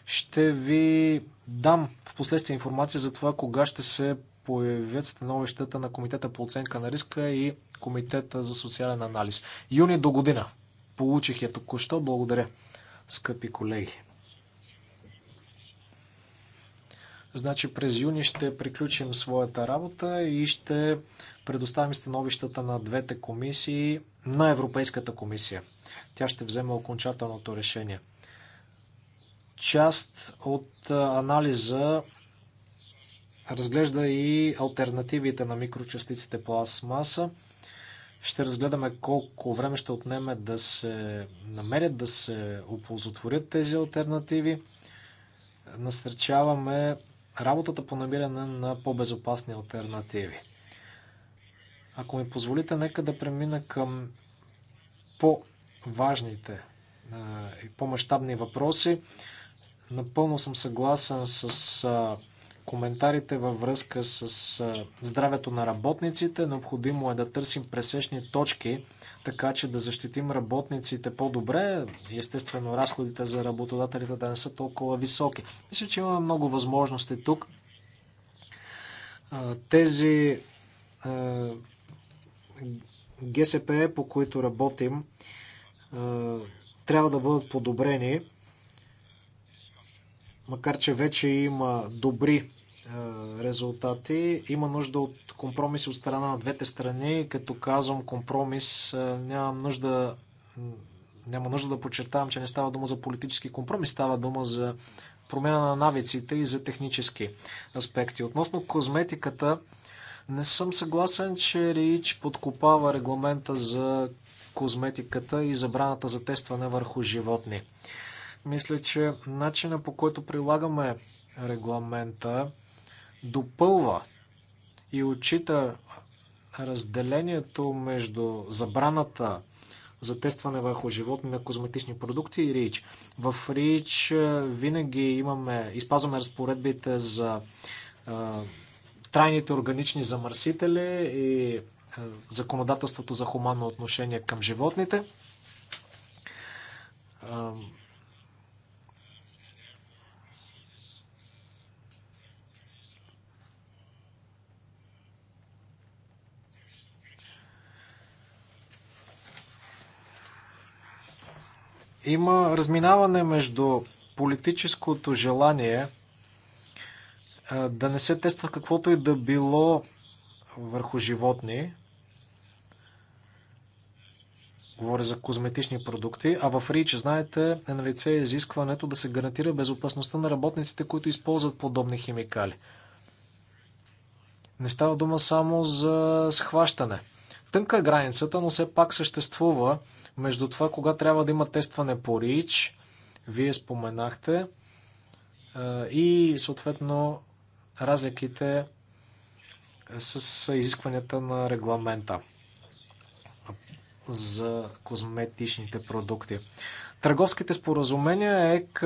Ще ви дам в последствие информация за това кога ще се появят становищата на Комитета по оценка на риска и Комитета за социален анализ. Юни до година. Получих я току-що. Благодаря, скъпи колеги. Значи през юни ще приключим своята работа и ще предоставим становищата на двете комисии на Европейската комисия. Тя ще вземе окончателното решение част от анализа разглежда и альтернативите на микрочастиците пластмаса. Ще разгледаме колко време ще отнеме да се намерят, да се оползотворят тези альтернативи. Насърчаваме работата по намиране на по-безопасни альтернативи. Ако ми позволите, нека да премина към по-важните и по-масштабни въпроси. Напълно съм съгласен с коментарите във връзка с здравето на работниците. Необходимо е да търсим пресечни точки, така че да защитим работниците по-добре. Естествено, разходите за работодателите да не са толкова високи. Мисля, че имаме много възможности тук. Тези ГСП, по които работим, трябва да бъдат подобрени макар че вече има добри е, резултати. Има нужда от компромис от страна на двете страни. Като казвам компромис, е, нямам нужда, няма нужда да подчертавам, че не става дума за политически компромис, става дума за промяна на навиците и за технически аспекти. Относно козметиката, не съм съгласен, че Рич подкопава регламента за козметиката и забраната за тестване върху животни. Мисля, че начина по който прилагаме регламента допълва и отчита разделението между забраната за тестване върху животни на козметични продукти и РИЧ. В РИЧ е, винаги имаме, изпазваме разпоредбите за а, е, трайните органични замърсители и а, е, законодателството за хуманно отношение към животните. Има разминаване между политическото желание да не се тества каквото и да било върху животни, говоря за козметични продукти, а в РИЧ, знаете, е на лице изискването да се гарантира безопасността на работниците, които използват подобни химикали. Не става дума само за схващане. Тънка е границата, но все пак съществува между това, кога трябва да има тестване по РИЧ, вие споменахте, и съответно разликите с изискванията на регламента за козметичните продукти. Търговските споразумения е, ЕК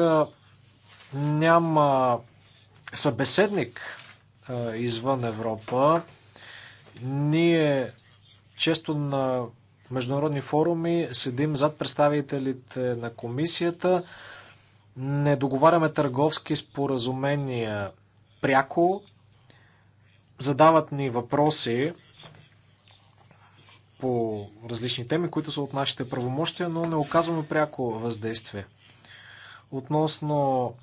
няма събеседник извън Европа. Ние често на международни форуми, седим зад представителите на комисията, не договаряме търговски споразумения пряко, задават ни въпроси по различни теми, които са от нашите правомощия, но не оказваме пряко въздействие. Относно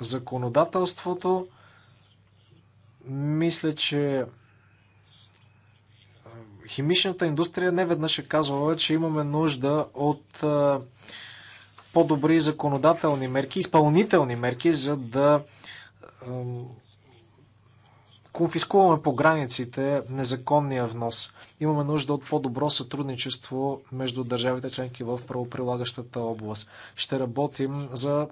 законодателството, мисля, че химичната индустрия не веднъж е казвала, че имаме нужда от по-добри законодателни мерки, изпълнителни мерки, за да конфискуваме по границите незаконния внос. Имаме нужда от по-добро сътрудничество между държавите членки в правоприлагащата област. Ще работим за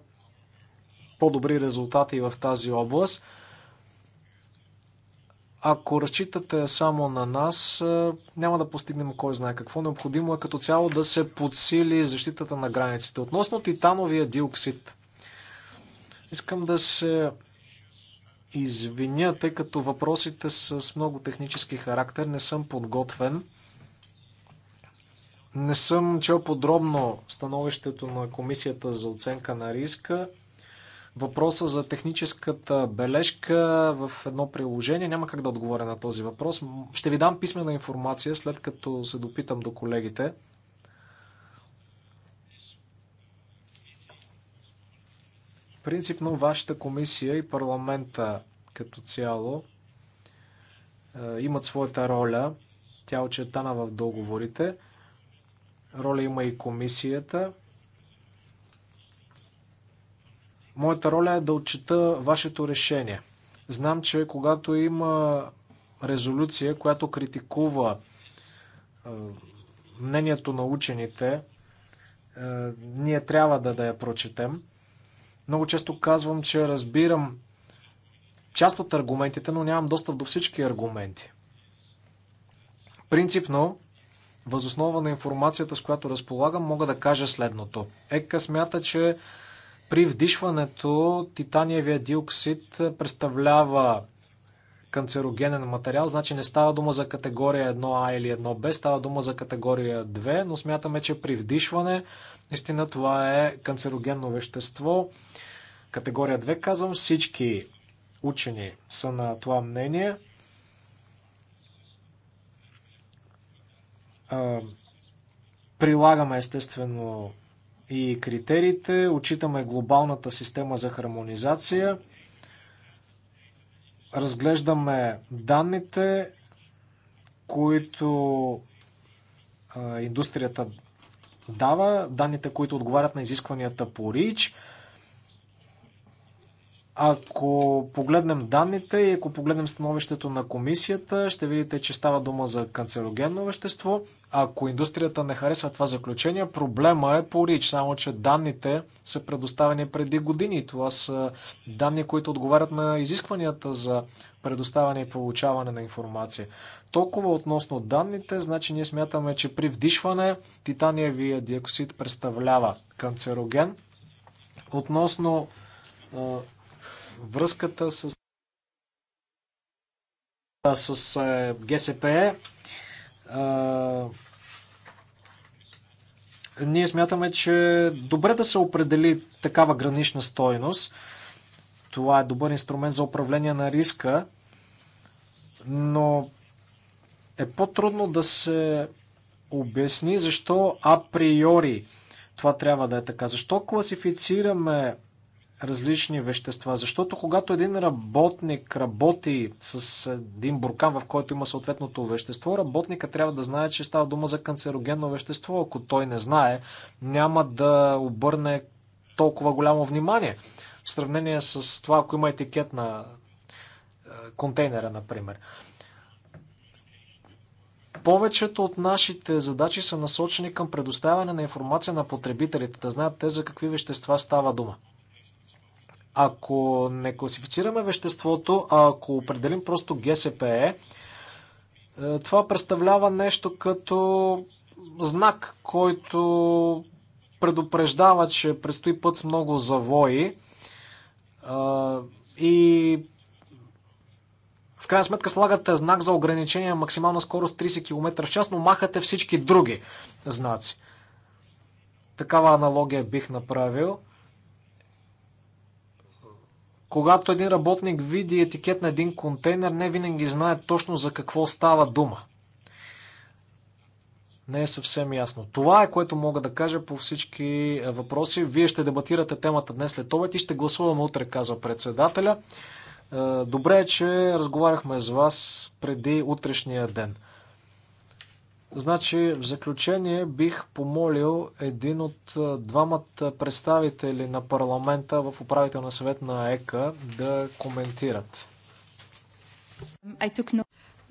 по-добри резултати в тази област. Ако разчитате само на нас, няма да постигнем кой знае какво. Необходимо е като цяло да се подсили защитата на границите. Относно титановия диоксид, искам да се извиня, тъй като въпросите са с много технически характер. Не съм подготвен. Не съм чел подробно становището на Комисията за оценка на риска въпроса за техническата бележка в едно приложение. Няма как да отговоря на този въпрос. Ще ви дам писмена информация, след като се допитам до колегите. Принципно вашата комисия и парламента като цяло е, имат своята роля. Тя е очертана в договорите. Роля има и комисията. Моята роля е да отчета вашето решение. Знам, че когато има резолюция, която критикува е, мнението на учените, е, ние трябва да, да я прочетем. Много често казвам, че разбирам част от аргументите, но нямам достъп до всички аргументи. Принципно, възоснова на информацията, с която разполагам, мога да кажа следното. ЕКА смята, че при вдишването титаниевия диоксид представлява канцерогенен материал, значи не става дума за категория 1А или 1Б, става дума за категория 2, но смятаме, че при вдишване наистина това е канцерогенно вещество. Категория 2, казвам, всички учени са на това мнение. Прилагаме естествено и критериите, отчитаме глобалната система за хармонизация, разглеждаме данните, които индустрията дава, данните, които отговарят на изискванията по РИЧ. Ако погледнем данните и ако погледнем становището на комисията, ще видите, че става дума за канцерогенно вещество – ако индустрията не харесва това заключение, проблема е по РИЧ, само че данните са предоставени преди години. Това са данни, които отговарят на изискванията за предоставяне и получаване на информация. Толкова относно данните, значи ние смятаме, че при вдишване титаниевия диоксид представлява канцероген. Относно връзката с, с ГСПЕ, ние смятаме, че добре да се определи такава гранична стойност. Това е добър инструмент за управление на риска, но е по-трудно да се обясни защо априори това трябва да е така. Защо класифицираме различни вещества. Защото когато един работник работи с един буркан, в който има съответното вещество, работника трябва да знае, че става дума за канцерогенно вещество. Ако той не знае, няма да обърне толкова голямо внимание в сравнение с това, ако има етикет на е, контейнера, например. Повечето от нашите задачи са насочени към предоставяне на информация на потребителите, да знаят те за какви вещества става дума. Ако не класифицираме веществото, а ако определим просто ГСПЕ, е, това представлява нещо като знак, който предупреждава, че предстои път с много завои и в крайна сметка слагате знак за ограничение на максимална скорост 30 км в час, но махате всички други знаци. Такава аналогия бих направил. Когато един работник види етикет на един контейнер, не винаги знае точно за какво става дума. Не е съвсем ясно. Това е което мога да кажа по всички е, въпроси. Вие ще дебатирате темата днес след обед и ще гласуваме утре, казва председателя. Е, добре е, че разговаряхме с вас преди утрешния ден. Значи, в заключение бих помолил един от двамата представители на парламента в управителна съвет на ЕКА да коментират.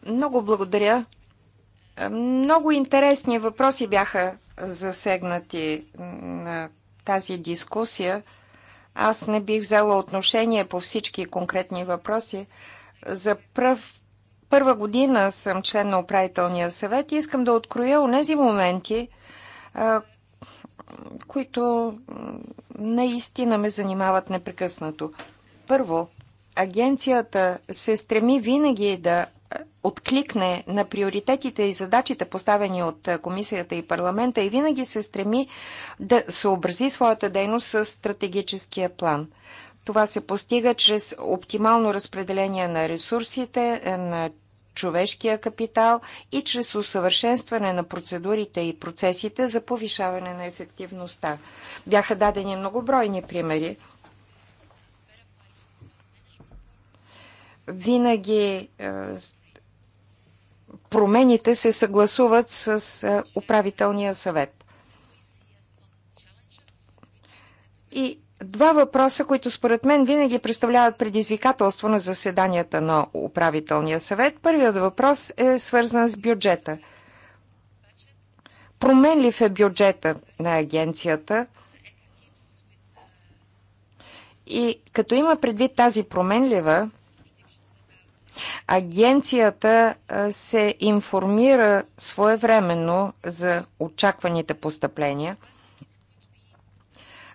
Много благодаря. Много интересни въпроси бяха засегнати на тази дискусия. Аз не бих взела отношение по всички конкретни въпроси. За пръв първа година съм член на управителния съвет и искам да откроя онези моменти, които наистина ме занимават непрекъснато. Първо, агенцията се стреми винаги да откликне на приоритетите и задачите поставени от комисията и парламента и винаги се стреми да съобрази своята дейност с стратегическия план. Това се постига чрез оптимално разпределение на ресурсите, е, на човешкия капитал и чрез усъвършенстване на процедурите и процесите за повишаване на ефективността. Бяха дадени многобройни примери. Винаги е, промените се съгласуват с е, управителния съвет. И Два въпроса, които според мен винаги представляват предизвикателство на заседанията на управителния съвет. Първият въпрос е свързан с бюджета. Променлив е бюджета на агенцията и като има предвид тази променлива, агенцията се информира своевременно за очакваните постъпления –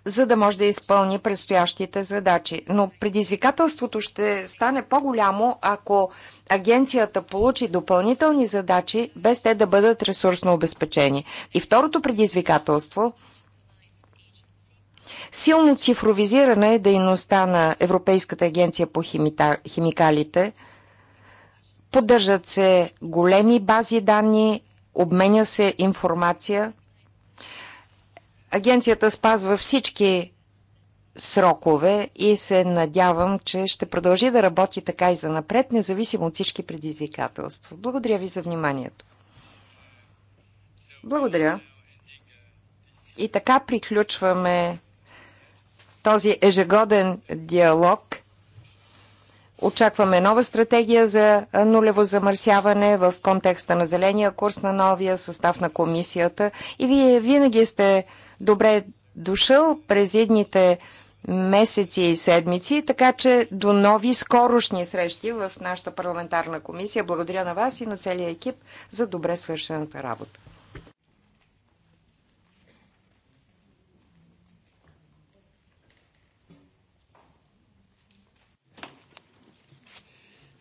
за да може да изпълни предстоящите задачи. Но предизвикателството ще стане по-голямо, ако агенцията получи допълнителни задачи, без те да бъдат ресурсно обезпечени. И второто предизвикателство силно цифровизирана е дейността на Европейската агенция по химикалите. Поддържат се големи бази данни, обменя се информация. Агенцията спазва всички срокове и се надявам, че ще продължи да работи така и за напред, независимо от всички предизвикателства. Благодаря ви за вниманието. Благодаря. И така приключваме този ежегоден диалог. Очакваме нова стратегия за нулево замърсяване в контекста на зеления курс на новия състав на комисията. И вие винаги сте добре дошъл през едните месеци и седмици, така че до нови скорошни срещи в нашата парламентарна комисия. Благодаря на вас и на целия екип за добре свършената работа.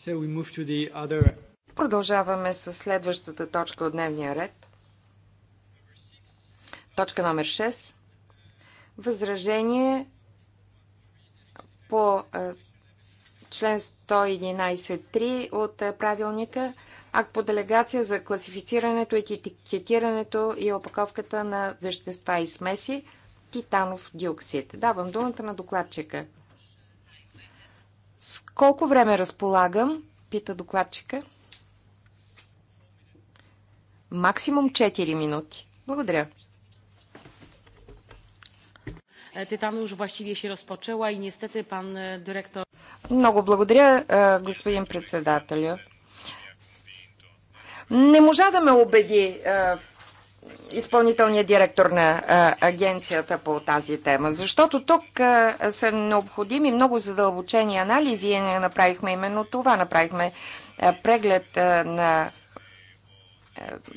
So other... Продължаваме с следващата точка от дневния ред. Точка номер 6. Възражение по е, член 111.3 от е, правилника акт по делегация за класифицирането, етикетирането и опаковката на вещества и смеси титанов диоксид. Давам думата на докладчика. С колко време разполагам? Пита докладчика. Максимум 4 минути. Благодаря. Титана e, уже właściwie си разпочела и niestety пан директор. E, много благодаря, е, господин председател. Не можа да ме убеди е, изпълнителният директор на е, агенцията по тази тема, защото тук са необходими много задълбочени анализи и направихме именно това. Направихме преглед на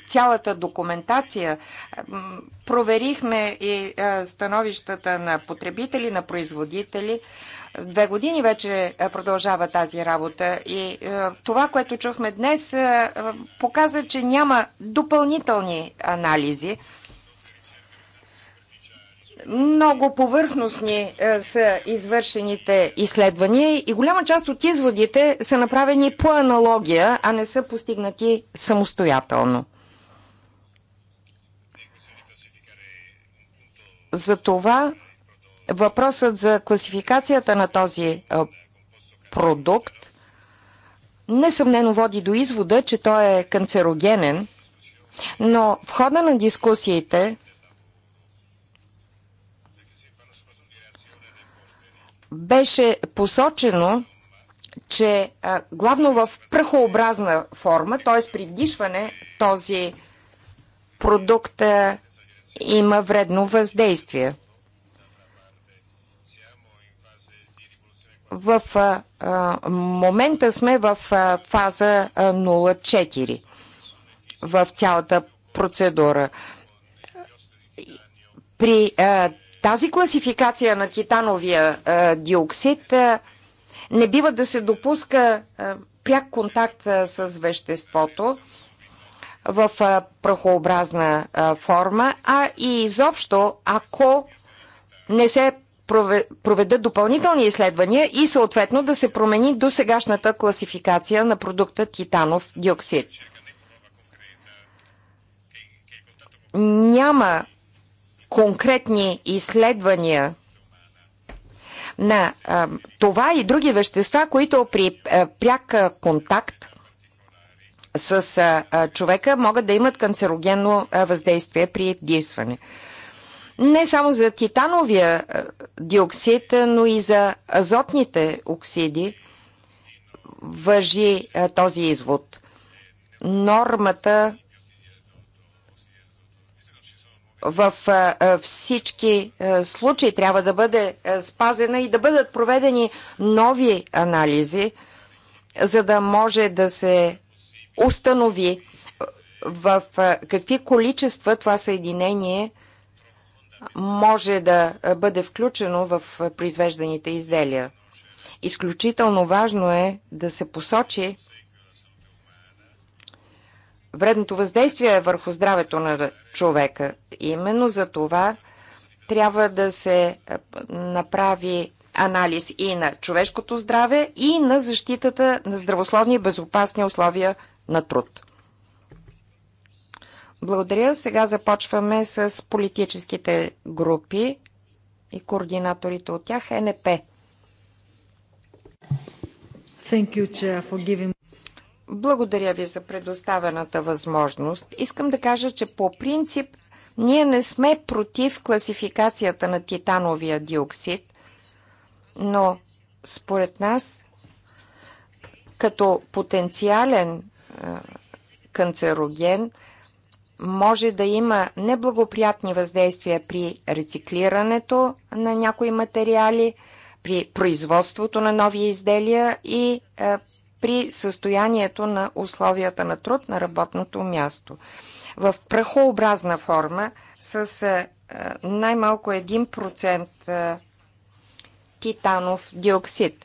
цялата документация. Проверихме и становищата на потребители, на производители. Две години вече продължава тази работа и това, което чухме днес, показа, че няма допълнителни анализи. Много повърхностни е, са извършените изследвания и голяма част от изводите са направени по аналогия, а не са постигнати самостоятелно. Затова въпросът за класификацията на този е, продукт несъмнено води до извода, че той е канцерогенен, но в хода на дискусиите беше посочено, че главно в пръхообразна форма, т.е. при вдишване, този продукт има вредно въздействие. В а, момента сме в а, фаза 0,4 в цялата процедура. При а, тази класификация на титановия а, е, диоксид а, е, не бива да се допуска а, е, пряк контакт а, с веществото в а, прахообразна а, форма, а и изобщо, ако не се проведат допълнителни изследвания и съответно да се промени до сегашната класификация на продукта титанов диоксид. Няма конкретни изследвания на а, това и други вещества, които при а, пряк контакт с а, човека могат да имат канцерогенно а, въздействие при вдисване. Не само за титановия диоксид, но и за азотните оксиди въжи а, този извод. Нормата в всички случаи трябва да бъде спазена и да бъдат проведени нови анализи, за да може да се установи в какви количества това съединение може да бъде включено в произвежданите изделия. Изключително важно е да се посочи вредното въздействие върху здравето на човека. Именно за това трябва да се е, направи анализ и на човешкото здраве, и на защитата на здравословни и безопасни условия на труд. Благодаря. Сега започваме с политическите групи и координаторите от тях е НП. Thank you, Chair, for giving благодаря ви за предоставената възможност. Искам да кажа, че по принцип ние не сме против класификацията на титановия диоксид, но според нас като потенциален канцероген може да има неблагоприятни въздействия при рециклирането на някои материали, при производството на нови изделия и при състоянието на условията на труд на работното място. В пръхообразна форма с най-малко 1% титанов диоксид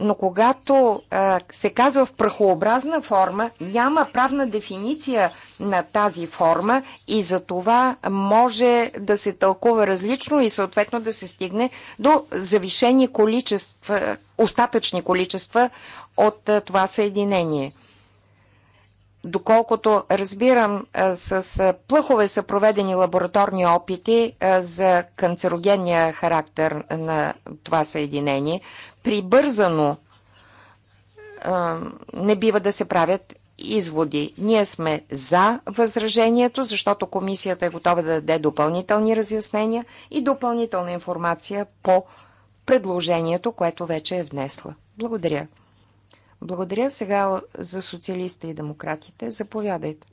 но когато а, се казва в прахообразна форма, няма правна дефиниция на тази форма и за това може да се тълкува различно и съответно да се стигне до завишени количества, остатъчни количества от а, това съединение. Доколкото разбирам, а, с а, плъхове са проведени лабораторни опити а, за канцерогенния характер на това съединение – прибързано не бива да се правят изводи. Ние сме за възражението, защото комисията е готова да даде допълнителни разяснения и допълнителна информация по предложението, което вече е внесла. Благодаря. Благодаря сега за социалиста и демократите. Заповядайте.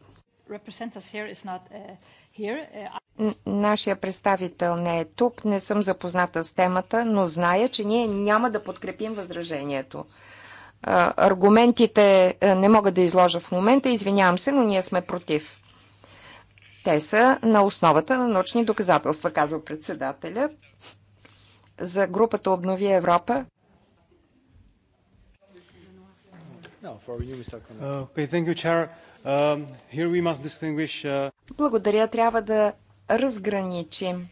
Uh, нашия представител не е тук, не съм запозната с темата, но зная, че ние няма да подкрепим възражението. Аргументите не мога да изложа в момента, извинявам се, но ние сме против. Те са на основата на научни доказателства, казва председателя. За групата Обнови Европа. Uh, okay, thank you, Chair. Um, uh, Благодаря. Трябва да разграничим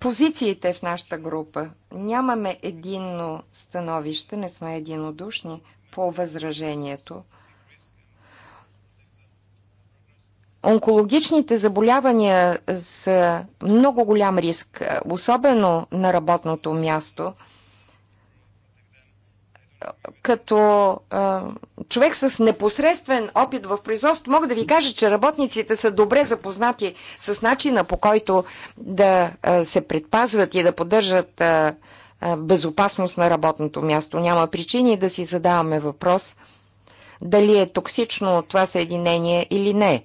позициите в нашата група. Нямаме единно становище, не сме единодушни по възражението. Онкологичните заболявания са много голям риск, особено на работното място – като а, човек с непосредствен опит в производството, мога да ви кажа, че работниците са добре запознати с начина по който да а, се предпазват и да поддържат а, а, безопасност на работното място. Няма причини да си задаваме въпрос дали е токсично това съединение или не.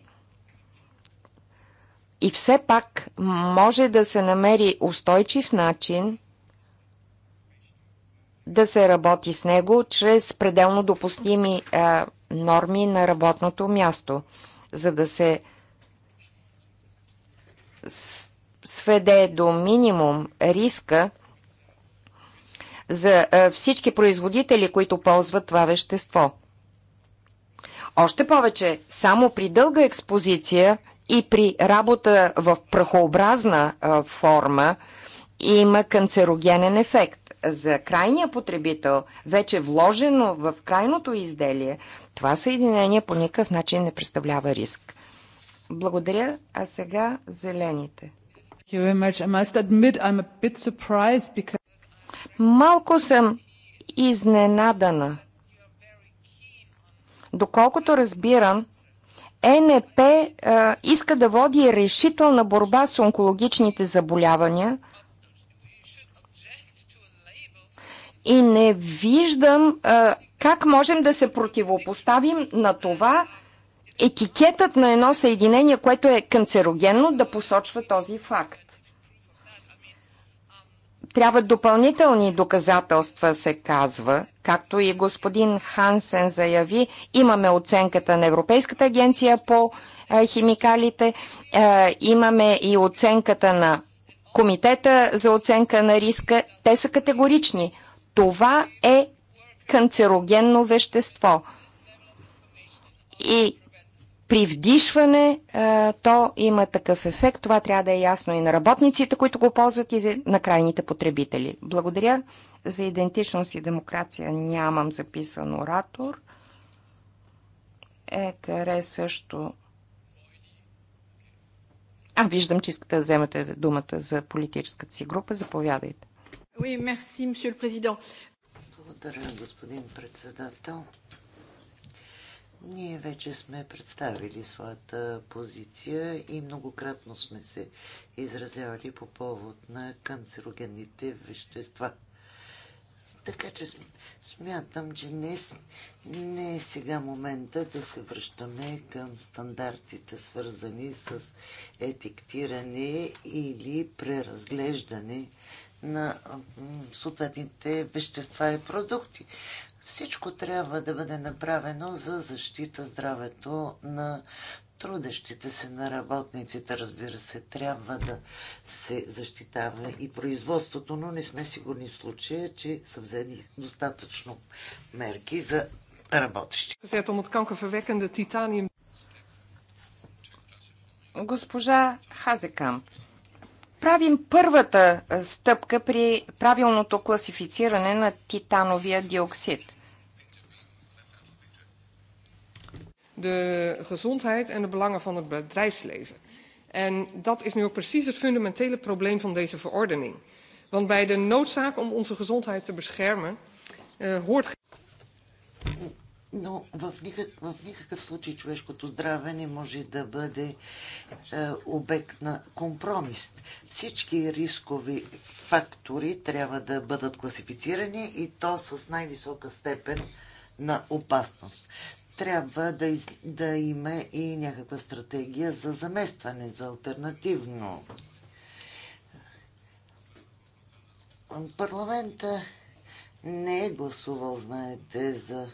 И все пак може да се намери устойчив начин да се работи с него чрез пределно допустими а, норми на работното място, за да се сведе до минимум риска за а, всички производители, които ползват това вещество. Още повече, само при дълга експозиция и при работа в прахообразна а, форма има канцерогенен ефект за крайния потребител, вече вложено в крайното изделие, това съединение по никакъв начин не представлява риск. Благодаря, а сега зелените. Малко съм изненадана. Доколкото разбирам, ЕНП а, иска да води решителна борба с онкологичните заболявания и не виждам а, как можем да се противопоставим на това етикетът на едно съединение, което е канцерогенно, да посочва този факт. Трябват допълнителни доказателства, се казва, както и господин Хансен заяви, имаме оценката на Европейската агенция по химикалите, имаме и оценката на Комитета за оценка на риска. Те са категорични – това е канцерогенно вещество. И при вдишване е, то има такъв ефект. Това трябва да е ясно и на работниците, които го ползват, и на крайните потребители. Благодаря за идентичност и демокрация. Нямам записан оратор. ЕКР също. А, виждам, че искате да вземете думата за политическата си група. Заповядайте. Благодаря, господин председател. Ние вече сме представили своята позиция и многократно сме се изразявали по повод на канцерогенните вещества. Така че смятам, че не, не е сега момента да се връщаме към стандартите, свързани с етиктиране или преразглеждане на съответните вещества и продукти. Всичко трябва да бъде направено за защита здравето на трудещите се на работниците, разбира се, трябва да се защитава и производството, но не сме сигурни в случая, че са взели достатъчно мерки за работещи. Госпожа Хазекамп, правим първата стъпка при правилното класифициране на титановия диоксид. De gezondheid en de belangen van het bedrijfsleven. En dat is nu ook precies het fundamentele probleem van deze verordening. Want bij de noodzaak om onze gezondheid te beschermen uh, hoort но в никакъв, в никакъв случай човешкото здраве не може да бъде е, обект на компромис. Всички рискови фактори трябва да бъдат класифицирани и то с най-висока степен на опасност. Трябва да, из, да има и някаква стратегия за заместване, за альтернативно. Парламента не е гласувал, знаете, за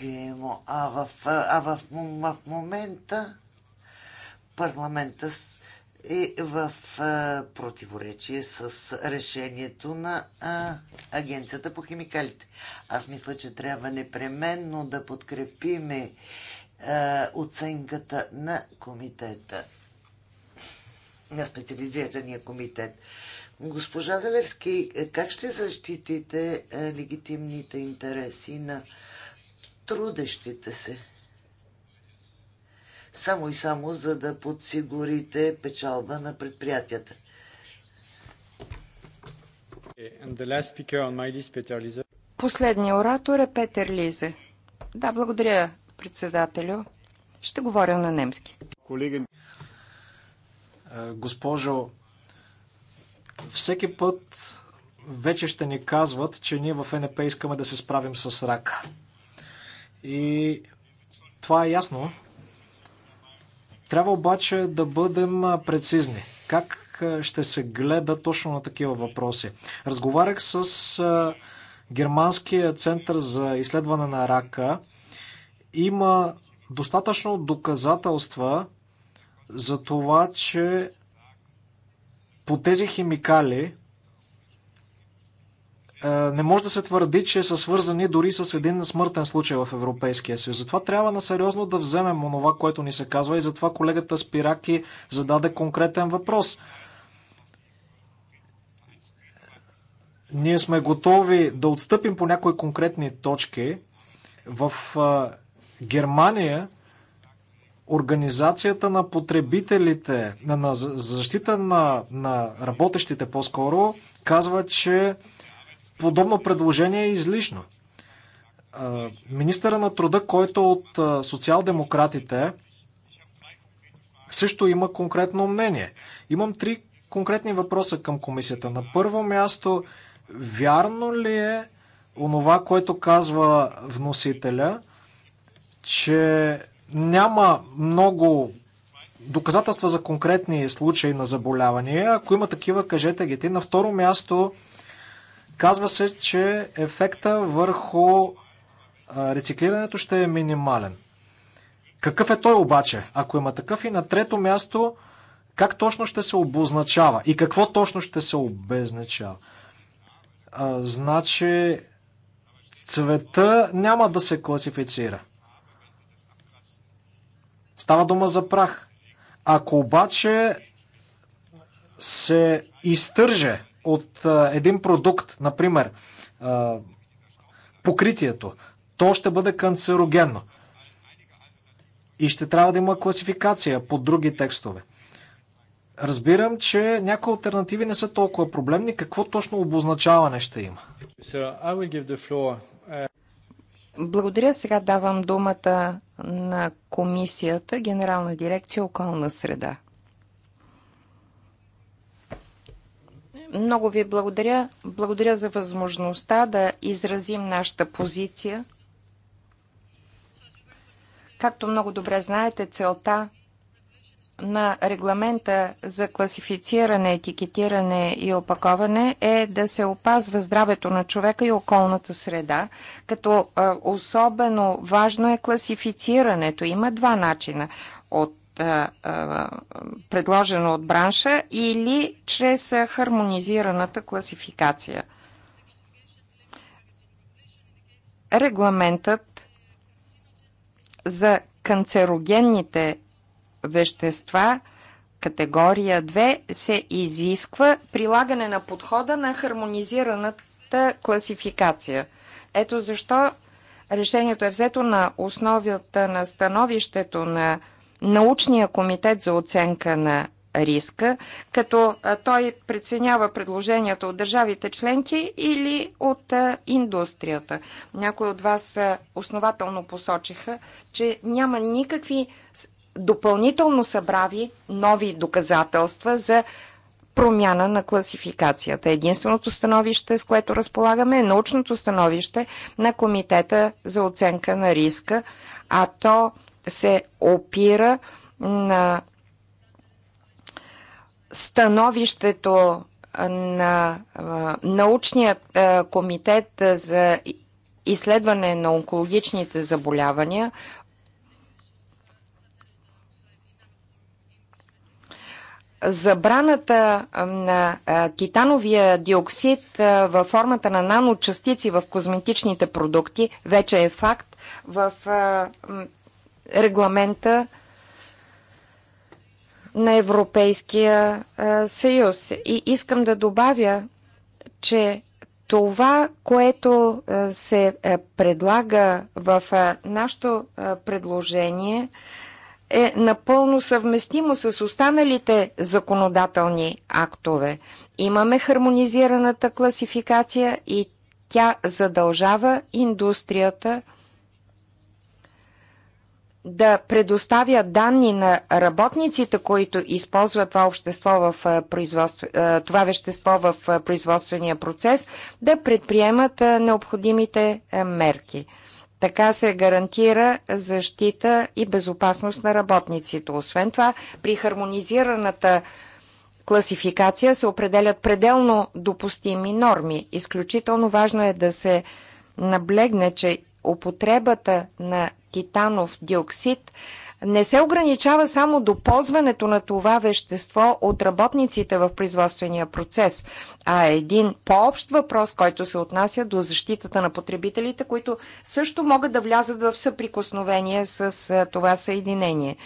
ГМО. А в, а в, в момента парламента е в а, противоречие с решението на а, Агенцията по химикалите. Аз мисля, че трябва непременно да подкрепиме а, оценката на комитета, на специализирания комитет. Госпожа Залевски, как ще защитите легитимните интереси на трудещите се. Само и само за да подсигурите печалба на предприятията. Последният оратор е Петър Лизе. Да, благодаря, председателю. Ще говоря на немски. Колеги. госпожо, всеки път вече ще ни казват, че ние в НП искаме да се справим с рака. И това е ясно. Трябва обаче да бъдем прецизни. Как ще се гледа точно на такива въпроси? Разговарях с Германския център за изследване на рака. Има достатъчно доказателства за това, че по тези химикали е, не може да се твърди, че са свързани дори с един смъртен случай в Европейския съюз. Затова трябва на сериозно да вземем онова, което ни се казва и затова колегата Спираки зададе конкретен въпрос. Ние сме готови да отстъпим по някои конкретни точки. В е, Германия Организацията на потребителите, на, на защита на, на работещите по-скоро, казва, че подобно предложение е излишно. Министъра на труда, който от социал-демократите също има конкретно мнение. Имам три конкретни въпроса към комисията. На първо място, вярно ли е онова, което казва вносителя, че няма много доказателства за конкретни случаи на заболявания. Ако има такива, кажете ги. Ти на второ място, Казва се, че ефекта върху рециклирането ще е минимален. Какъв е той обаче, ако има такъв? И на трето място, как точно ще се обозначава и какво точно ще се обезначава? А, значи, цвета няма да се класифицира. Става дума за прах. Ако обаче се изтърже от един продукт, например, покритието, то ще бъде канцерогенно. И ще трябва да има класификация по други текстове. Разбирам, че някои альтернативи не са толкова проблемни. Какво точно обозначаване ще има? Uh, Благодаря. Сега давам думата на комисията, Генерална дирекция околна среда. Много ви благодаря. Благодаря за възможността да изразим нашата позиция. Както много добре знаете, целта на регламента за класифициране, етикетиране и опаковане е да се опазва здравето на човека и околната среда, като особено важно е класифицирането. Има два начина от е, е, предложено от бранша, или чрез хармонизираната класификация. Регламентът за канцерогенните вещества категория 2 се изисква прилагане на подхода на хармонизираната класификация. Ето защо решението е взето на основата на становището на научния комитет за оценка на риска, като той преценява предложенията от държавите членки или от индустрията. Някои от вас основателно посочиха, че няма никакви допълнително събрави нови доказателства за промяна на класификацията. Единственото становище, с което разполагаме, е научното становище на Комитета за оценка на риска, а то се опира на становището на научният комитет за изследване на онкологичните заболявания. Забраната на титановия диоксид във формата на наночастици в козметичните продукти вече е факт в регламента на Европейския съюз. И искам да добавя, че това, което се предлага в нашето предложение, е напълно съвместимо с останалите законодателни актове. Имаме хармонизираната класификация и тя задължава индустрията да предоставя данни на работниците, които използват това, общество в производство, това вещество в производствения процес, да предприемат необходимите мерки. Така се гарантира защита и безопасност на работниците. Освен това, при хармонизираната класификация се определят пределно допустими норми. Изключително важно е да се наблегне, че употребата на титанов диоксид не се ограничава само до ползването на това вещество от работниците в производствения процес, а е един по-общ въпрос, който се отнася до защитата на потребителите, които също могат да влязат в съприкосновение с това съединение.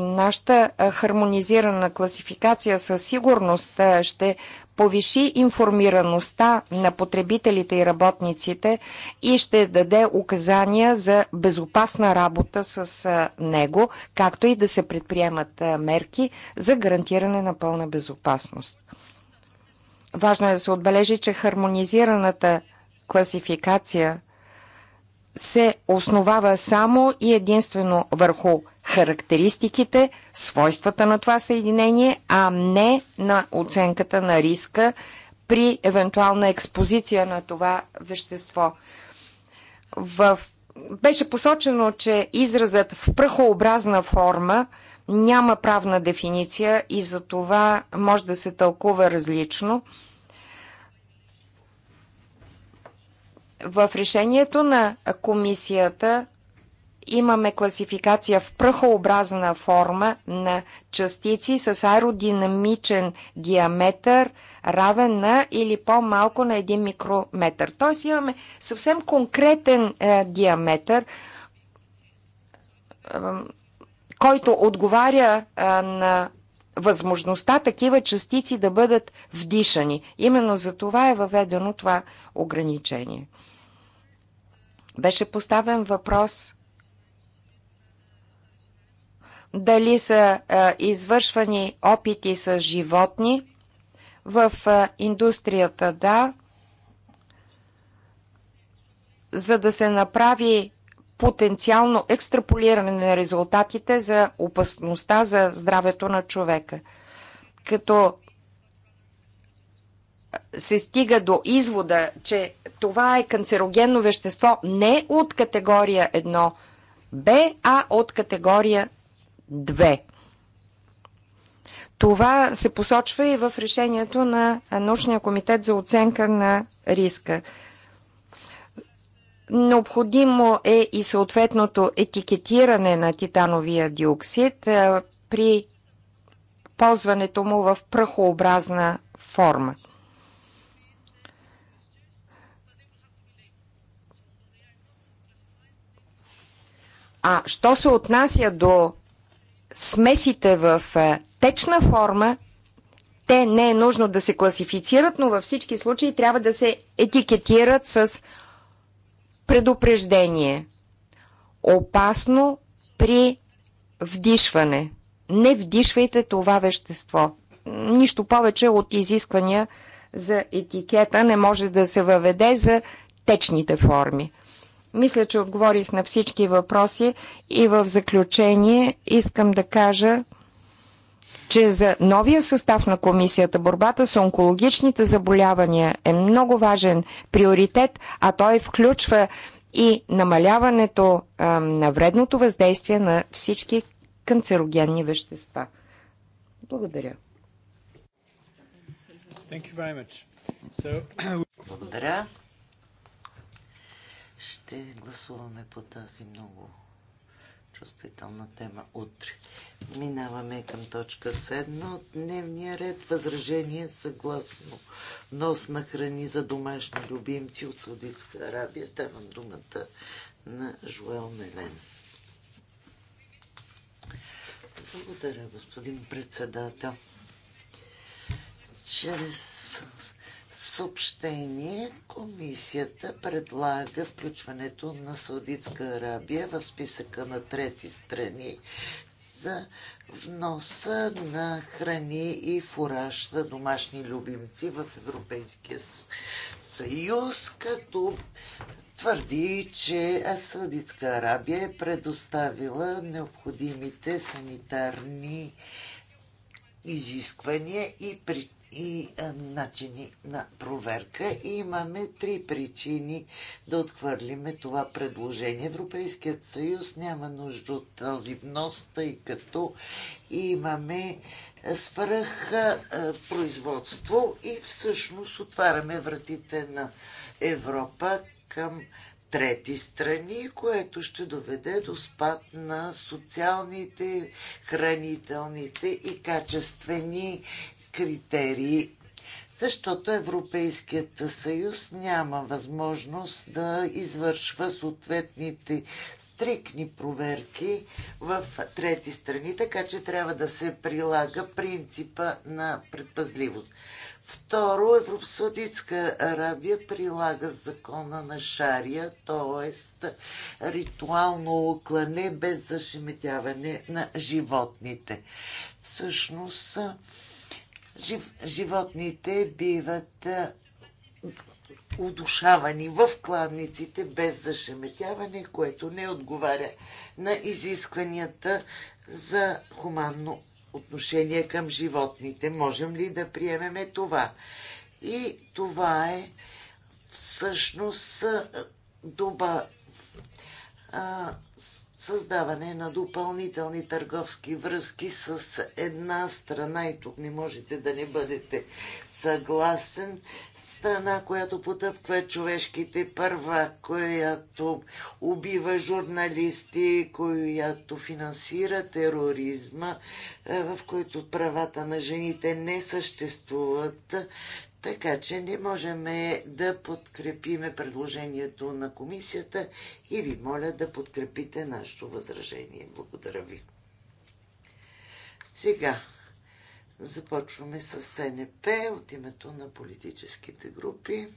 Нашата хармонизирана класификация със сигурност ще повиши информираността на потребителите и работниците и ще даде указания за безопасна работа с него, както и да се предприемат мерки за гарантиране на пълна безопасност. Важно е да се отбележи, че хармонизираната класификация се основава само и единствено върху характеристиките, свойствата на това съединение, а не на оценката на риска при евентуална експозиция на това вещество. В... Беше посочено, че изразът в пръхообразна форма няма правна дефиниция и за това може да се тълкува различно. В решението на комисията имаме класификация в пръхообразна форма на частици с аеродинамичен диаметър равен на или по-малко на 1 микрометър. Т.е. имаме съвсем конкретен е, диаметър, е, който отговаря е, на възможността такива частици да бъдат вдишани. Именно за това е въведено това ограничение. Беше поставен въпрос дали са а, извършвани опити с животни в а, индустрията, да, за да се направи потенциално екстраполиране на резултатите за опасността за здравето на човека. Като се стига до извода, че това е канцерогенно вещество не от категория 1 Б, а от категория 2. Това се посочва и в решението на научния комитет за оценка на риска. Необходимо е и съответното етикетиране на титановия диоксид при ползването му в пръхообразна форма. А що се отнася до смесите в е, течна форма, те не е нужно да се класифицират, но във всички случаи трябва да се етикетират с предупреждение. Опасно при вдишване. Не вдишвайте това вещество. Нищо повече от изисквания за етикета не може да се въведе за течните форми. Мисля, че отговорих на всички въпроси и в заключение искам да кажа, че за новия състав на комисията борбата с онкологичните заболявания е много важен приоритет, а той включва и намаляването а, на вредното въздействие на всички канцерогенни вещества. Благодаря. Благодаря. Ще гласуваме по тази много чувствителна тема утре. Минаваме към точка 7 от дневния ред. Възражение съгласно нос на храни за домашни любимци от Саудитска Арабия. Давам думата на Жуел Мелен. Благодаря, господин председател. Чрез съобщение комисията предлага включването на Саудитска Арабия в списъка на трети страни за вноса на храни и фураж за домашни любимци в Европейския съюз, като твърди, че Саудитска Арабия е предоставила необходимите санитарни изисквания и причини и а, начини на проверка. И имаме три причини да отхвърлиме това предложение. Европейският съюз няма нужда от този внос, тъй като имаме свръх а, производство и всъщност отваряме вратите на Европа към трети страни, което ще доведе до спад на социалните, хранителните и качествени критерии, защото Европейският съюз няма възможност да извършва съответните стрикни проверки в трети страни, така че трябва да се прилага принципа на предпазливост. Второ, Европсъдитска Арабия прилага закона на Шария, т.е. ритуално оклане без зашеметяване на животните. Всъщност, жив, животните биват удушавани в кладниците без зашеметяване, което не отговаря на изискванията за хуманно отношение към животните. Можем ли да приемеме това? И това е всъщност доба а, създаване на допълнителни търговски връзки с една страна, и тук не можете да не бъдете съгласен, страна, която потъпква човешките първа, която убива журналисти, която финансира тероризма, е, в който правата на жените не съществуват. Така че не можем да подкрепиме предложението на комисията и ви моля да подкрепите нашето възражение. Благодаря ви. Сега започваме с СНП от името на политическите групи.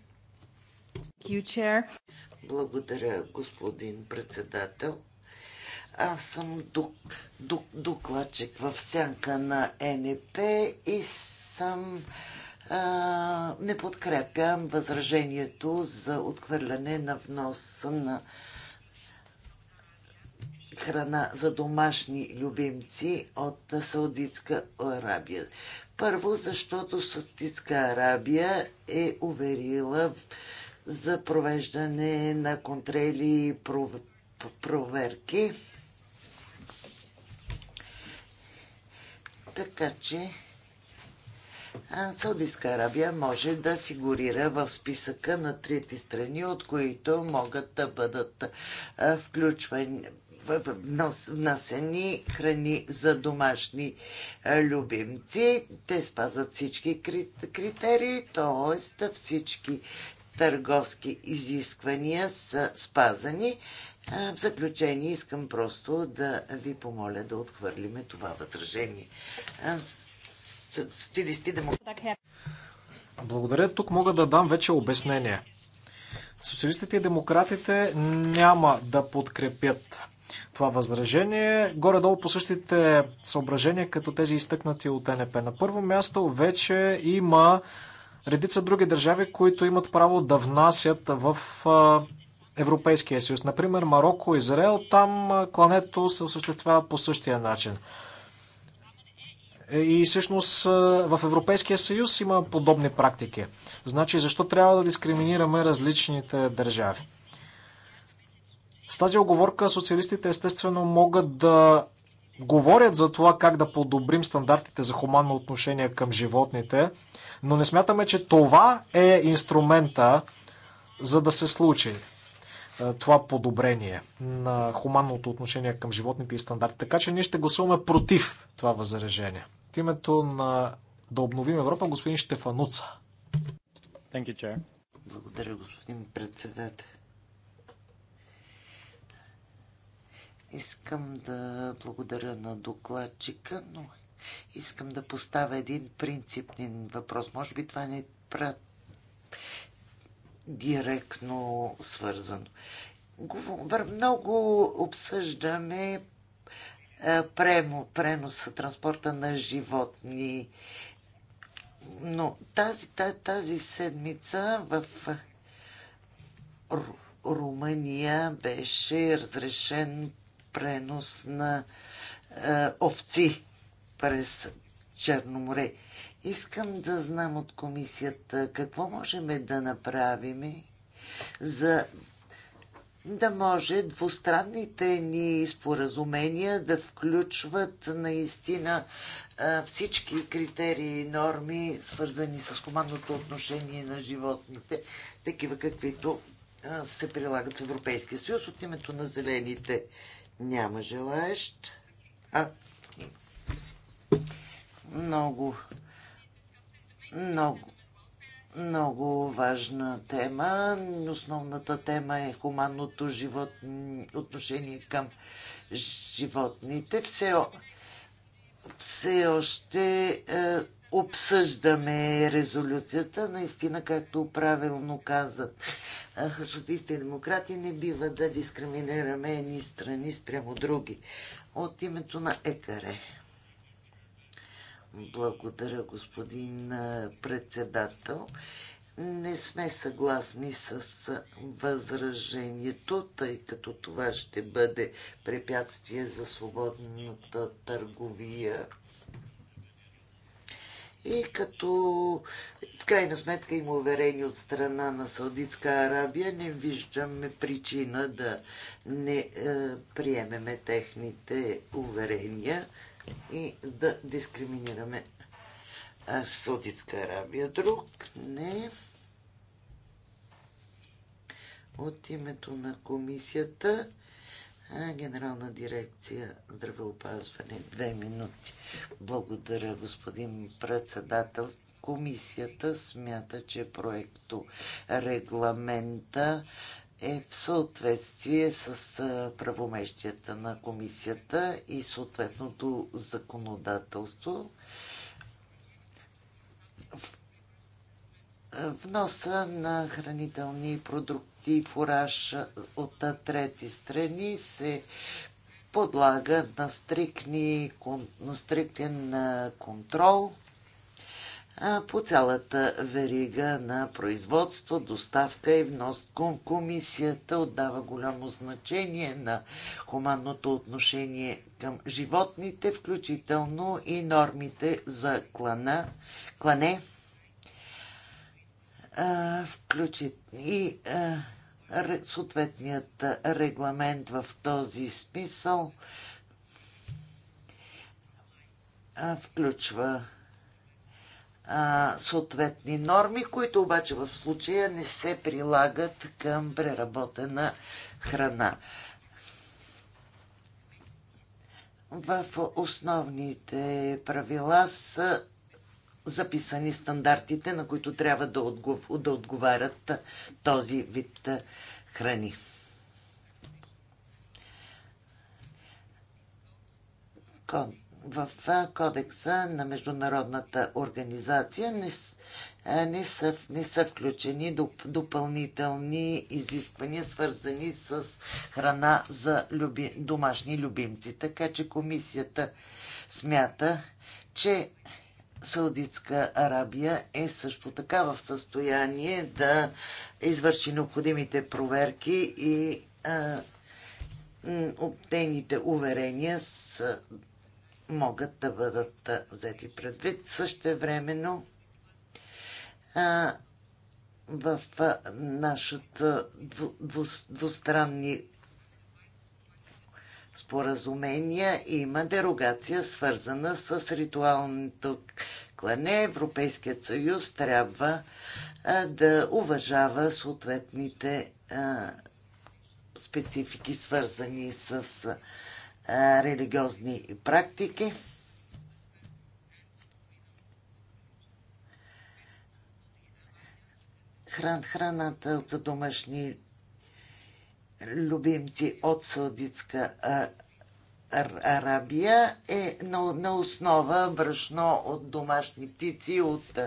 Благодаря, господин председател. Аз съм докладчик в сянка на НП и съм не подкрепям възражението за отхвърляне на внос на храна за домашни любимци от Саудитска Арабия. Първо, защото Саудитска Арабия е уверила за провеждане на контрели и проверки. Така че Саудитска Арабия може да фигурира в списъка на трети страни, от които могат да бъдат включвани внасени храни за домашни любимци. Те спазват всички критерии, т.е. всички търговски изисквания са спазани. В заключение искам просто да ви помоля да отхвърлиме това възражение социалисти демократи. Благодаря. Тук мога да дам вече обяснение. Социалистите и демократите няма да подкрепят това възражение. Горе-долу по същите съображения, като тези изтъкнати от НП. На първо място вече има редица други държави, които имат право да внасят в Европейския съюз. Например, Марокко, Израел, там клането се осъществява по същия начин. Е, и всъщност е, в Европейския съюз има подобни практики. Значи защо трябва да дискриминираме различните държави? С тази оговорка социалистите естествено могат да говорят за това как да подобрим стандартите за хуманно отношение към животните, но не смятаме, че това е инструмента за да се случи е, това подобрение на хуманното отношение към животните и стандарти. Така че ние ще гласуваме против това възражение името на Да обновим Европа, господин Штефануца. Thank you, Chair. Благодаря, господин председател. Искам да благодаря на докладчика, но искам да поставя един принципен въпрос. Може би това не е прат директно свързано. Много обсъждаме е, пренос, транспорта на животни. Но тази, тази седмица в Румъния беше разрешен пренос на е, овци през Черно море. Искам да знам от комисията какво можем да направим за да може двустранните ни споразумения да включват наистина всички критерии и норми, свързани с хуманното отношение на животните, такива каквито се прилагат в Европейския съюз. От името на зелените няма желаещ. А, много, много много важна тема. Основната тема е хуманното живот, отношение към животните. Все, все още е, обсъждаме резолюцията. Наистина, както правилно казат е, социалистите и демократи, не бива да дискриминираме едни страни спрямо други. От името на ЕКАРЕ. Благодаря, господин председател. Не сме съгласни с възражението, тъй като това ще бъде препятствие за свободната търговия. И като в крайна сметка има уверени от страна на Саудитска Арабия, не виждаме причина да не е, приемеме техните уверения и да дискриминираме Саудитска Арабия. Друг не. От името на комисията Генерална дирекция здравеопазване. Две минути. Благодаря, господин председател. Комисията смята, че проекто регламента е в съответствие с правомещията на комисията и съответното законодателство. Вноса на хранителни продукти и фураж от трети страни се подлага на, стрикни, на стриктен контрол – по цялата верига на производство, доставка и внос. Комисията отдава голямо значение на хуманното отношение към животните, включително и нормите за клана, клане, включит и съответният регламент в този смисъл включва съответни норми, които обаче в случая не се прилагат към преработена храна. В основните правила са записани стандартите, на които трябва да, отгов... да отговарят този вид храни. Контакт в кодекса на Международната организация не, не, са, не са включени доп, допълнителни изисквания, свързани с храна за люби, домашни любимци. Така че комисията смята, че Саудитска Арабия е също така в състояние да извърши необходимите проверки и а, обтените уверения с могат да бъдат взети предвид. Също времено в нашата двустранни споразумения има дерогация, свързана с ритуалното клане. Европейският съюз трябва да уважава съответните специфики, свързани с религиозни практики. Хран, храната от домашни любимци от Саудитска Арабия е на, на основа брашно от домашни птици от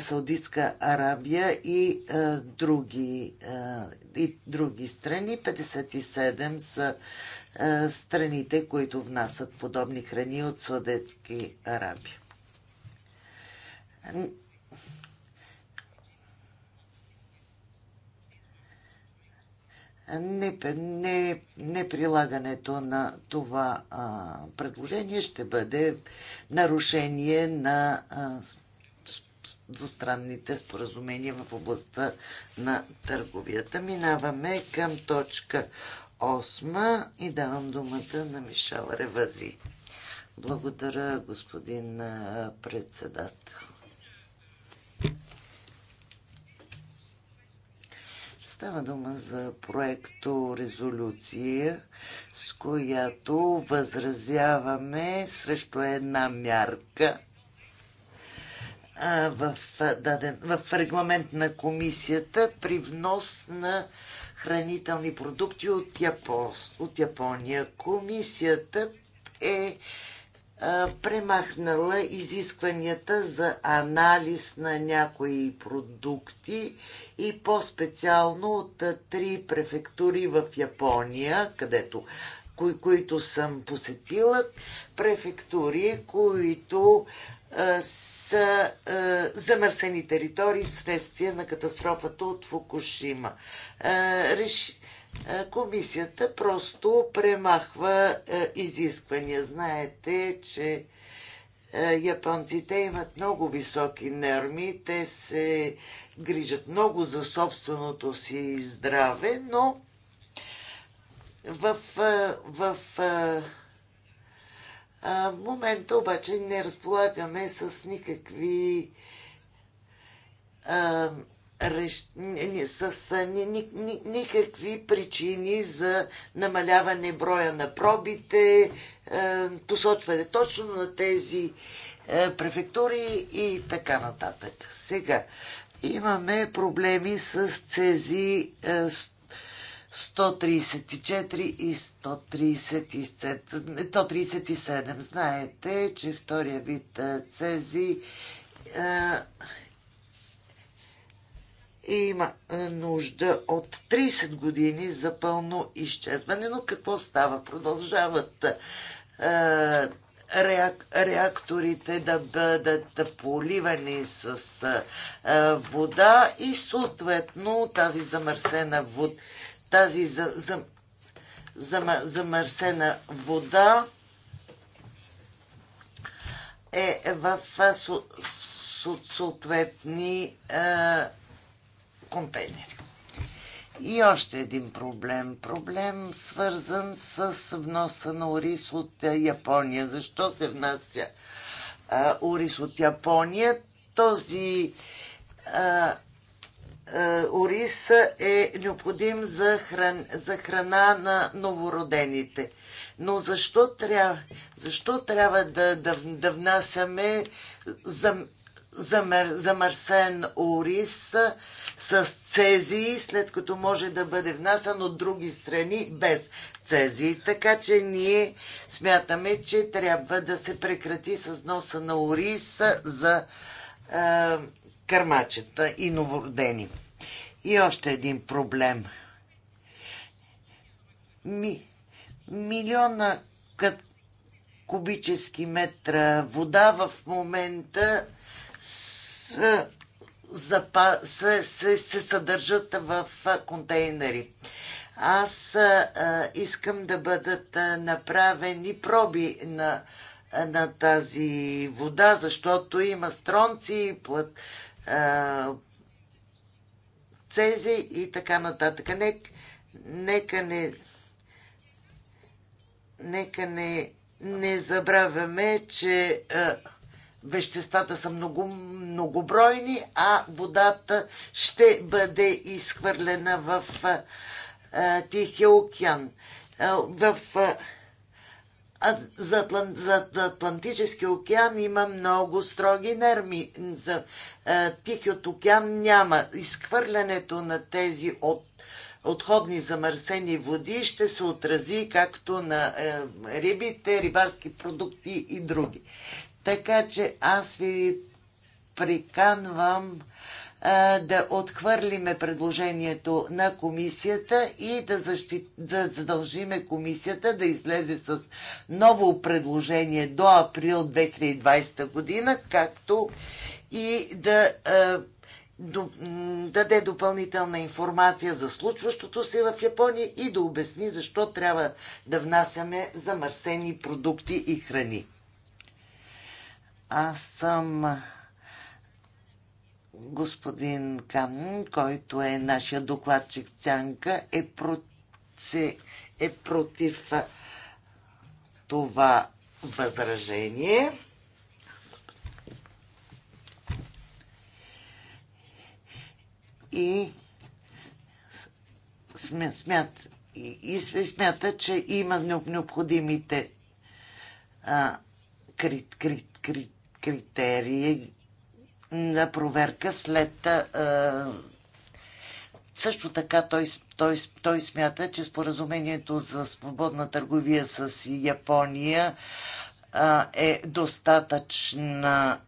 Саудитска Арабия и, е, други, е, и други страни. 57 са страните, които внасят подобни храни от Судетски Арабия. Не, не, не на това а, предложение ще бъде нарушение на а, двустранните споразумения в областта на търговията. Минаваме към точка осма и давам думата на Мишел Ревази. Благодаря, господин председател. Става дума за проекто резолюция, с която възразяваме срещу една мярка в, даден, в регламент на комисията при внос на хранителни продукти от, Япо, от Япония. Комисията е а, е, премахнала изискванията за анализ на някои продукти и по-специално от а, е, три префектури в Япония, където кои, които съм посетила, префектури, които са замърсени територии вследствие на катастрофата от Фукушима. комисията просто премахва изисквания. Знаете, че японците имат много високи норми, те се грижат много за собственото си здраве, но в, в, в а, в момента обаче не разполагаме с никакви а, реш... с ни, ни, ни, никакви причини за намаляване броя на пробите, а, посочване точно на тези а, префектури и така нататък. Сега имаме проблеми с тези а, 134 и 137. 137. Знаете, че втория вид цези има нужда от 30 години за пълно изчезване. Но какво става? Продължават е, реак, реакторите да бъдат поливани с е, вода и съответно тази замърсена вода тази за, за, за, замърсена вода е в съответни е, контейнери. И още един проблем. Проблем свързан с вноса на ориз от Япония. Защо се внася ориз от Япония? Този е, ориз е необходим за, хран, за храна на новородените. Но защо трябва, защо трябва да, да, да внасяме замърсен за, замърсен ориз с цезии, след като може да бъде внасан от други страни без цезии. Така че ние смятаме, че трябва да се прекрати с носа на ориз за е, кърмачета и новородени. И още един проблем. Ми, милиона кът, кубически метра вода в момента с, запа, се, се, се съдържат в контейнери. Аз а, искам да бъдат направени проби на, на тази вода, защото има стронци, плът, цези и така нататък. Нека, нека не нека не, не забравяме, че а, веществата са много, многобройни, а водата ще бъде изхвърлена в а, Тихия океан. А, в а, за, Атлан, за Атлантически океан има много строги норми. За е, Тихият океан няма. Изхвърлянето на тези от, отходни замърсени води ще се отрази както на е, рибите, рибарски продукти и други. Така че аз ви приканвам да отхвърлиме предложението на комисията и да, защи... да задължиме комисията да излезе с ново предложение до април 2020 година, както и да даде допълнителна информация за случващото се в Япония и да обясни защо трябва да внасяме замърсени продукти и храни. Аз съм господин Кам, който е нашия докладчик Цянка, е, про... се... е против това възражение. И смят, и смята, че има необходимите а, крит, крит, крит, критерии на проверка след. А, също така той, той, той смята, че споразумението за свободна търговия с Япония а, е достатъчна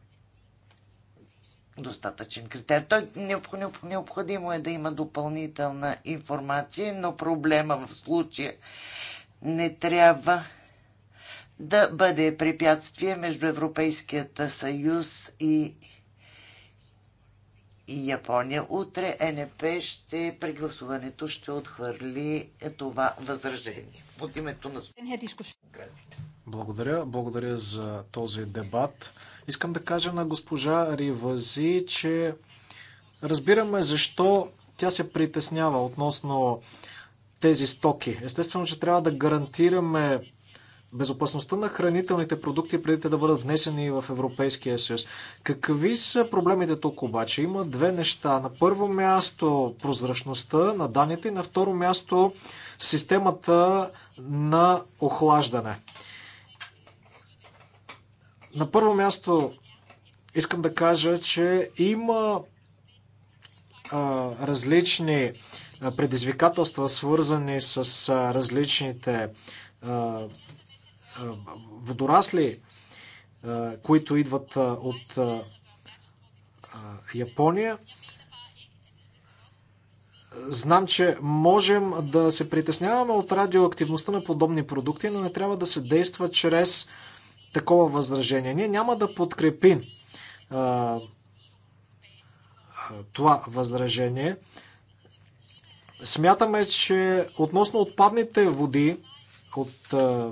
достатъчен критер. Той необходимо е да има допълнителна информация, но проблема в случая не трябва да бъде препятствие между Европейският съюз и и Япония. Утре НП ще при гласуването ще отхвърли това възражение. От името на градите. Благодаря. Благодаря за този дебат. Искам да кажа на госпожа Ривази, че разбираме защо тя се притеснява относно тези стоки. Естествено, че трябва да гарантираме безопасността на хранителните продукти преди те да бъдат внесени в Европейския съюз. Какви са проблемите тук обаче? Има две неща. На първо място прозрачността на данните и на второ място системата на охлаждане. На първо място искам да кажа, че има а, различни предизвикателства, свързани с а, различните а, водорасли, които идват от Япония. Знам, че можем да се притесняваме от радиоактивността на подобни продукти, но не трябва да се действа чрез такова възражение. Ние няма да подкрепим а, това възражение. Смятаме, че относно отпадните води, от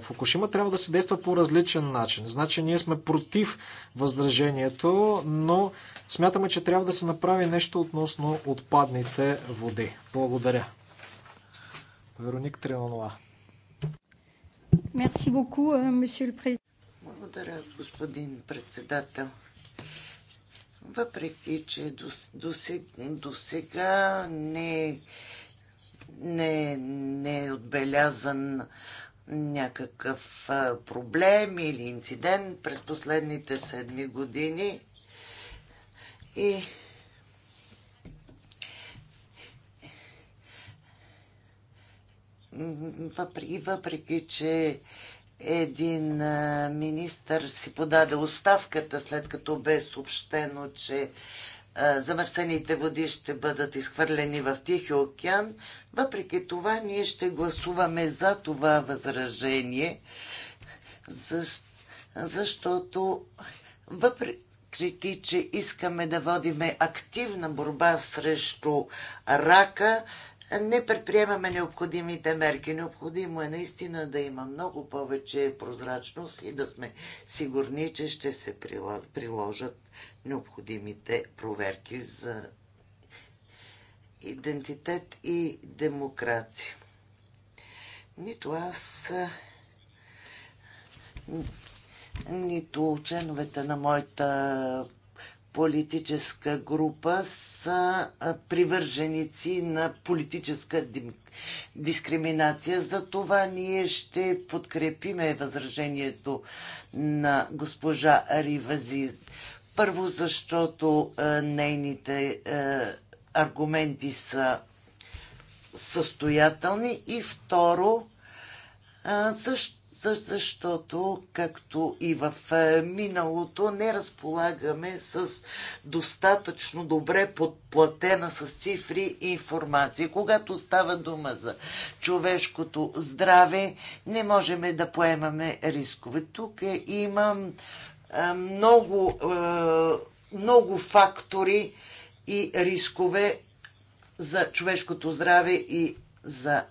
Фукушима трябва да се действа по различен начин. Значи ние сме против възражението, но смятаме, че трябва да се направи нещо относно отпадните води. Благодаря. Вероник Тринонова. Мерси боку, Благодаря, господин председател. Въпреки, че до сега не не, не е отбелязан някакъв проблем или инцидент през последните седми години и въпреки, въпреки че един министър си подаде оставката, след като бе съобщено, че замърсените води ще бъдат изхвърлени в Тихи океан. Въпреки това, ние ще гласуваме за това възражение, защото въпреки, че искаме да водиме активна борба срещу рака, не предприемаме необходимите мерки. Необходимо е наистина да има много повече прозрачност и да сме сигурни, че ще се приложат необходимите проверки за идентитет и демокрация. Нито аз, нито членовете на моята политическа група са привърженици на политическа дискриминация. За това ние ще подкрепиме възражението на госпожа Ривази. Първо, защото нейните аргументи са състоятелни и второ, също защото, както и в е, миналото, не разполагаме с достатъчно добре подплатена с цифри и информация. Когато става дума за човешкото здраве, не можем да поемаме рискове. Тук е, имам е, много, много фактори и рискове за човешкото здраве и за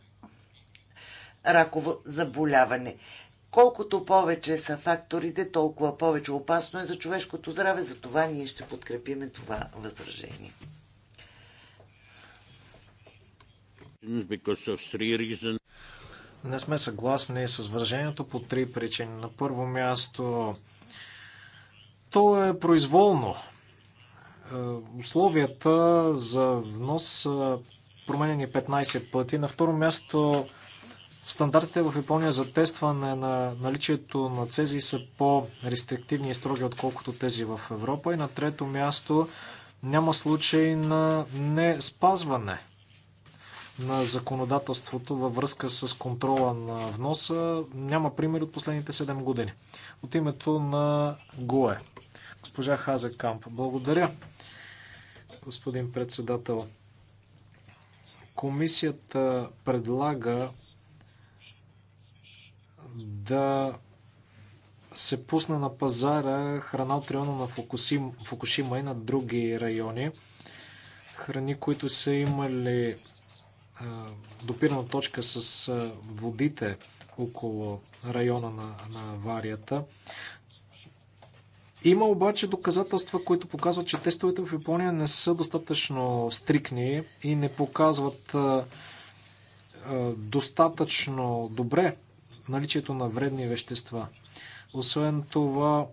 раково заболяване. Колкото повече са факторите, толкова повече опасно е за човешкото здраве, за това ние ще подкрепиме това възражение. Не сме съгласни с възражението по три причини. На първо място, то е произволно. Е, условията за внос са променени 15 пъти. На второ място, Стандартите в Япония за тестване на наличието на цези са по-рестриктивни и строги, отколкото тези в Европа. И на трето място няма случай на не спазване на законодателството във връзка с контрола на вноса. Няма пример от последните 7 години. От името на ГОЕ. Госпожа Хазе Камп. Благодаря, господин председател. Комисията предлага да се пусне на пазара храна от района на Фукушима и на други райони. Храни, които са имали допирана точка с водите около района на, на аварията. Има обаче доказателства, които показват, че тестовете в Япония не са достатъчно стрикни и не показват достатъчно добре наличието на вредни вещества. Освен това,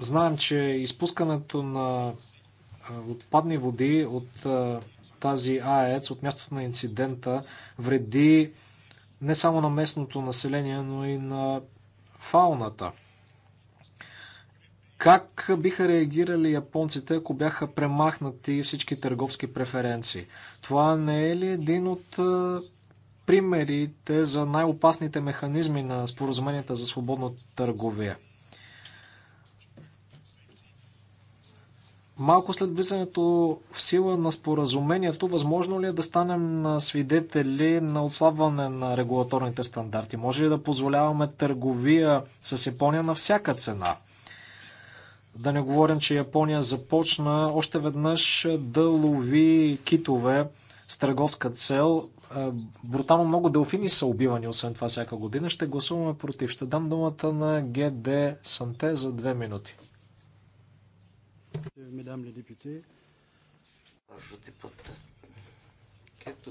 знаем, че изпускането на отпадни води от тази АЕЦ, от мястото на инцидента, вреди не само на местното население, но и на фауната. Как биха реагирали японците, ако бяха премахнати всички търговски преференции? Това не е ли един от примерите за най-опасните механизми на споразуменията за свободна търговия. Малко след влизането в сила на споразумението, възможно ли е да станем свидетели на отслабване на регулаторните стандарти? Може ли да позволяваме търговия с Япония на всяка цена? Да не говорим, че Япония започна още веднъж да лови китове с търговска цел брутално много делфини са убивани, освен това всяка година. Ще гласуваме против. Ще дам думата на ГД Санте за две минути. Медам ли депути? Както...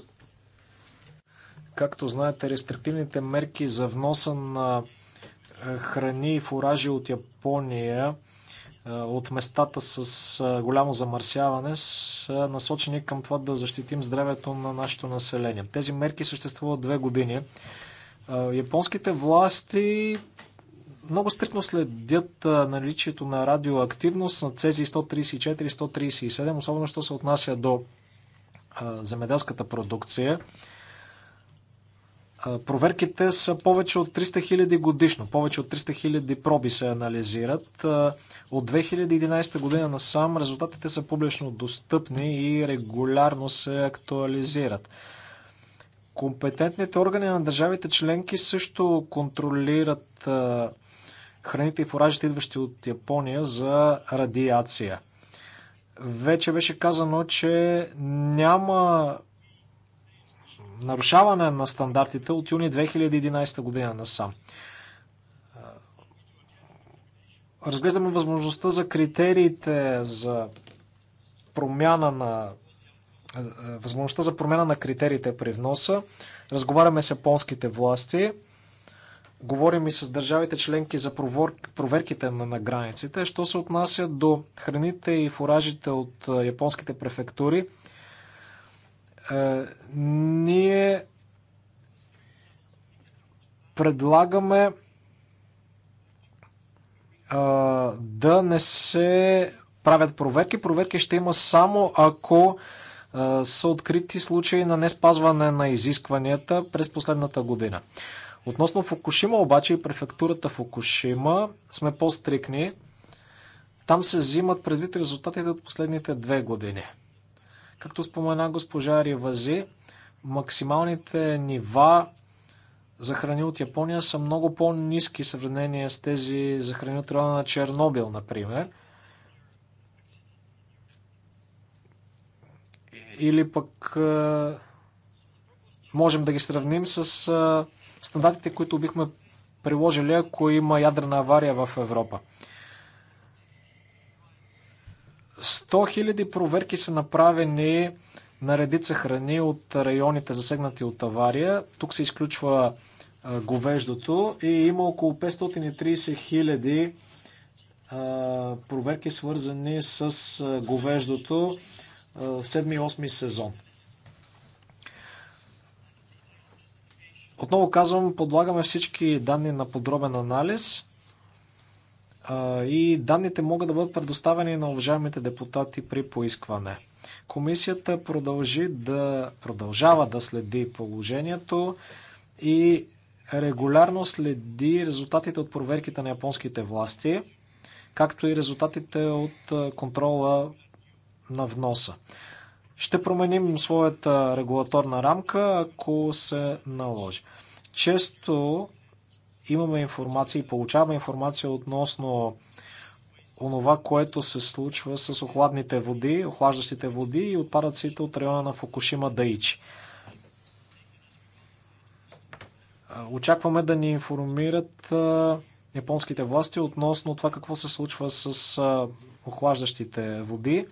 Както знаете, рестриктивните мерки за вноса на храни и фуражи от Япония от местата с голямо замърсяване са насочени към това да защитим здравето на нашето население. Тези мерки съществуват две години. Японските власти много стрикно следят наличието на радиоактивност на цези 134 и 137, особено що се отнася до земеделската продукция. Проверките са повече от 300 000 годишно. Повече от 300 000 проби се анализират. От 2011 година насам резултатите са публично достъпни и регулярно се актуализират. Компетентните органи на държавите членки също контролират храните и фуражите, идващи от Япония, за радиация. Вече беше казано, че няма нарушаване на стандартите от юни 2011 година насам. Разглеждаме възможността за критериите за промяна на възможността за промяна на критериите при вноса. Разговаряме с японските власти. Говорим и с държавите членки за проверките на границите. Що се отнася до храните и фуражите от японските префектури, ние предлагаме да не се правят проверки. Проверки ще има само ако са открити случаи на неспазване на изискванията през последната година. Относно Фукушима обаче и префектурата Фукушима сме по-стрикни. Там се взимат предвид резултатите от последните две години. Както спомена госпожа Ривази, максималните нива за храни от Япония са много по-низки в сравнение с тези за храни от района на Чернобил, например. Или пък можем да ги сравним с стандартите, които бихме приложили, ако има ядрена авария в Европа. 100 000 проверки са направени на редица храни от районите засегнати от авария. Тук се изключва говеждото и има около 530 хиляди проверки свързани с говеждото в 7-8 сезон. Отново казвам, подлагаме всички данни на подробен анализ и данните могат да бъдат предоставени на уважаемите депутати при поискване. Комисията продължи да, продължава да следи положението и регулярно следи резултатите от проверките на японските власти, както и резултатите от контрола на вноса. Ще променим своята регулаторна рамка, ако се наложи. Често имаме информация и получаваме информация относно онова, което се случва с охладните води, охлаждащите води и отпадъците от района на Фукушима Даичи. Очакваме да ни информират японските власти относно това какво се случва с охлаждащите води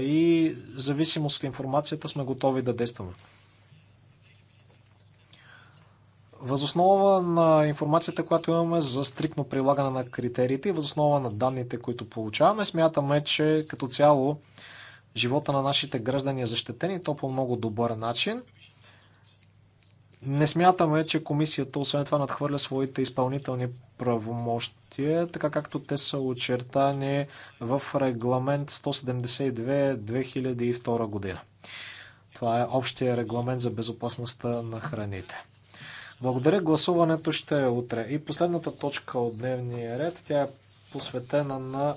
и зависимост от информацията сме готови да действаме. Възоснова на информацията, която имаме за стрикно прилагане на критериите и възоснова на данните, които получаваме, смятаме, че като цяло живота на нашите граждани е защитен и то по много добър начин. Не смятаме, че комисията освен това надхвърля своите изпълнителни правомощия, така както те са очертани в регламент 172-2002 година. Това е общия регламент за безопасността на храните. Благодаря. Гласуването ще е утре. И последната точка от дневния ред, тя е посветена на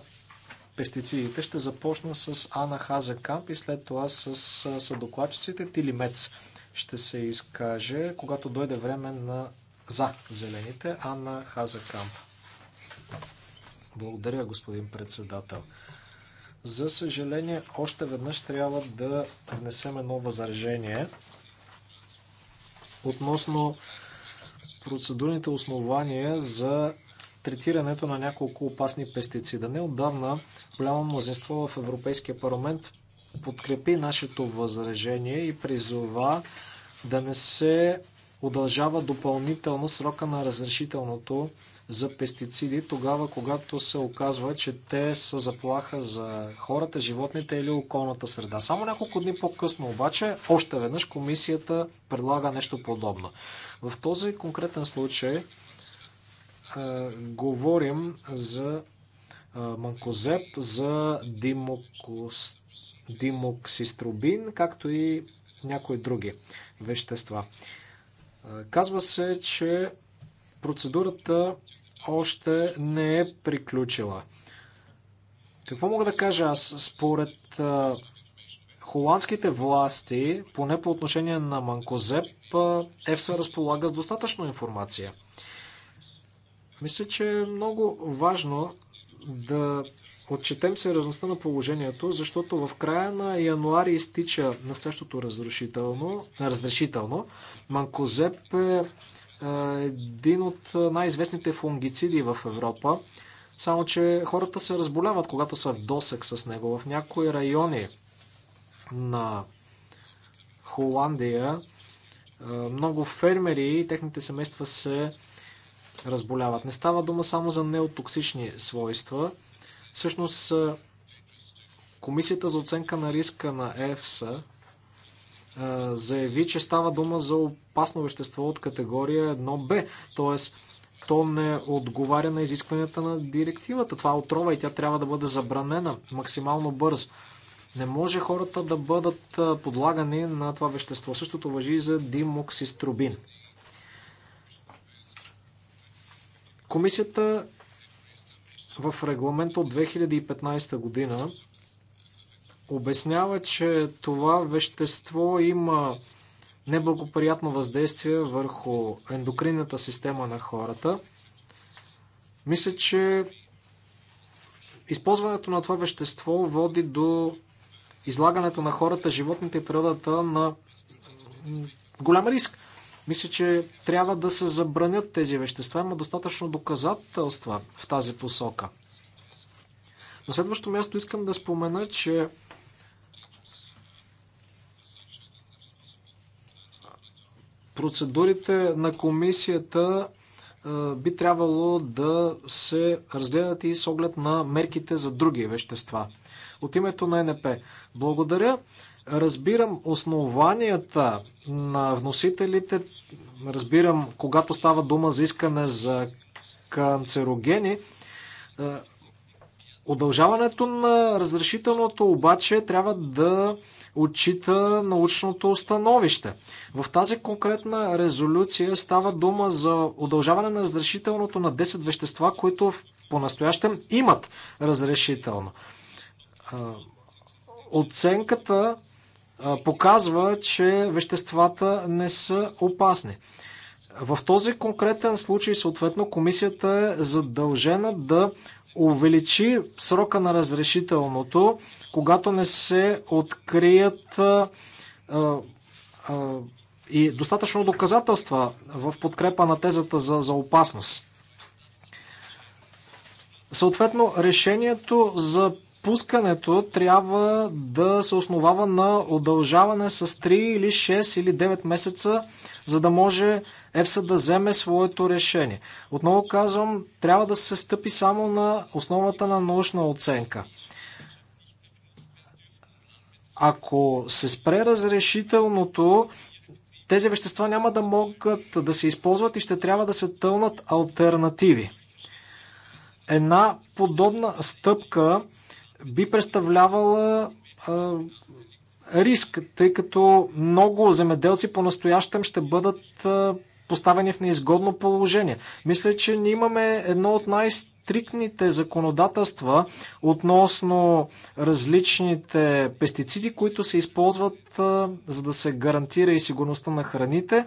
пестицидите. Ще започна с Ана Хазекамп и след това с съдокладчиците Тилимец ще се изкаже, когато дойде време на за зелените, Анна Хазекамп. Благодаря, господин председател. За съжаление, още веднъж трябва да внесем едно възражение относно процедурните основания за третирането на няколко опасни пестицида. Неотдавна голямо мнозинство в Европейския парламент подкрепи нашето възражение и призова да не се удължава допълнително срока на разрешителното за пестициди, тогава когато се оказва, че те са заплаха за хората, животните или околната среда. Само няколко дни по-късно обаче, още веднъж комисията предлага нещо подобно. В този конкретен случай а, говорим за а, манкозеп, за димокос, димоксистробин, както и някои други вещества. А, казва се, че процедурата още не е приключила. Какво мога да кажа аз? Според холандските власти, поне по отношение на Манкозеп, ЕФСА разполага с достатъчно информация. Мисля, че е много важно да отчетем сериозността на положението, защото в края на януари изтича настоящото разрешително, разрешително. Манкозеп е, е един от най-известните фунгициди в Европа. Само, че хората се разболяват, когато са в досек с него. В някои райони на Холандия много фермери и техните семейства се разболяват. Не става дума само за неотоксични свойства. Всъщност, Комисията за оценка на риска на ЕФСА заяви, че става дума за опасно вещество от категория 1Б, т.е. то не отговаря на изискванията на директивата. Това е отрова и тя трябва да бъде забранена максимално бързо. Не може хората да бъдат подлагани на това вещество. Същото въжи и за димоксистробин. Комисията в регламент от 2015 година обяснява, че това вещество има неблагоприятно въздействие върху ендокринната система на хората. Мисля, че използването на това вещество води до излагането на хората, животните и природата на голям риск. Мисля, че трябва да се забранят тези вещества. Има достатъчно доказателства в тази посока. На следващо място искам да спомена, че процедурите на комисията би трябвало да се разгледат и с оглед на мерките за други вещества. От името на НП. Благодаря. Разбирам основанията на вносителите. Разбирам, когато става дума за искане за канцерогени, е, Удължаването на разрешителното обаче трябва да отчита научното установище. В тази конкретна резолюция става дума за удължаване на разрешителното на 10 вещества, които по-настоящем имат разрешително оценката показва, че веществата не са опасни. В този конкретен случай, съответно, комисията е задължена да увеличи срока на разрешителното, когато не се открият а, а, и достатъчно доказателства в подкрепа на тезата за, за опасност. Съответно, решението за отпускането трябва да се основава на удължаване с 3 или 6 или 9 месеца, за да може ЕФСА да вземе своето решение. Отново казвам, трябва да се стъпи само на основата на научна оценка. Ако се спре разрешителното, тези вещества няма да могат да се използват и ще трябва да се тълнат альтернативи. Една подобна стъпка би представлявала а, риск, тъй като много земеделци по-настоящем ще бъдат а, поставени в неизгодно положение. Мисля, че ние имаме едно от най-стриктните законодателства относно различните пестициди, които се използват а, за да се гарантира и сигурността на храните.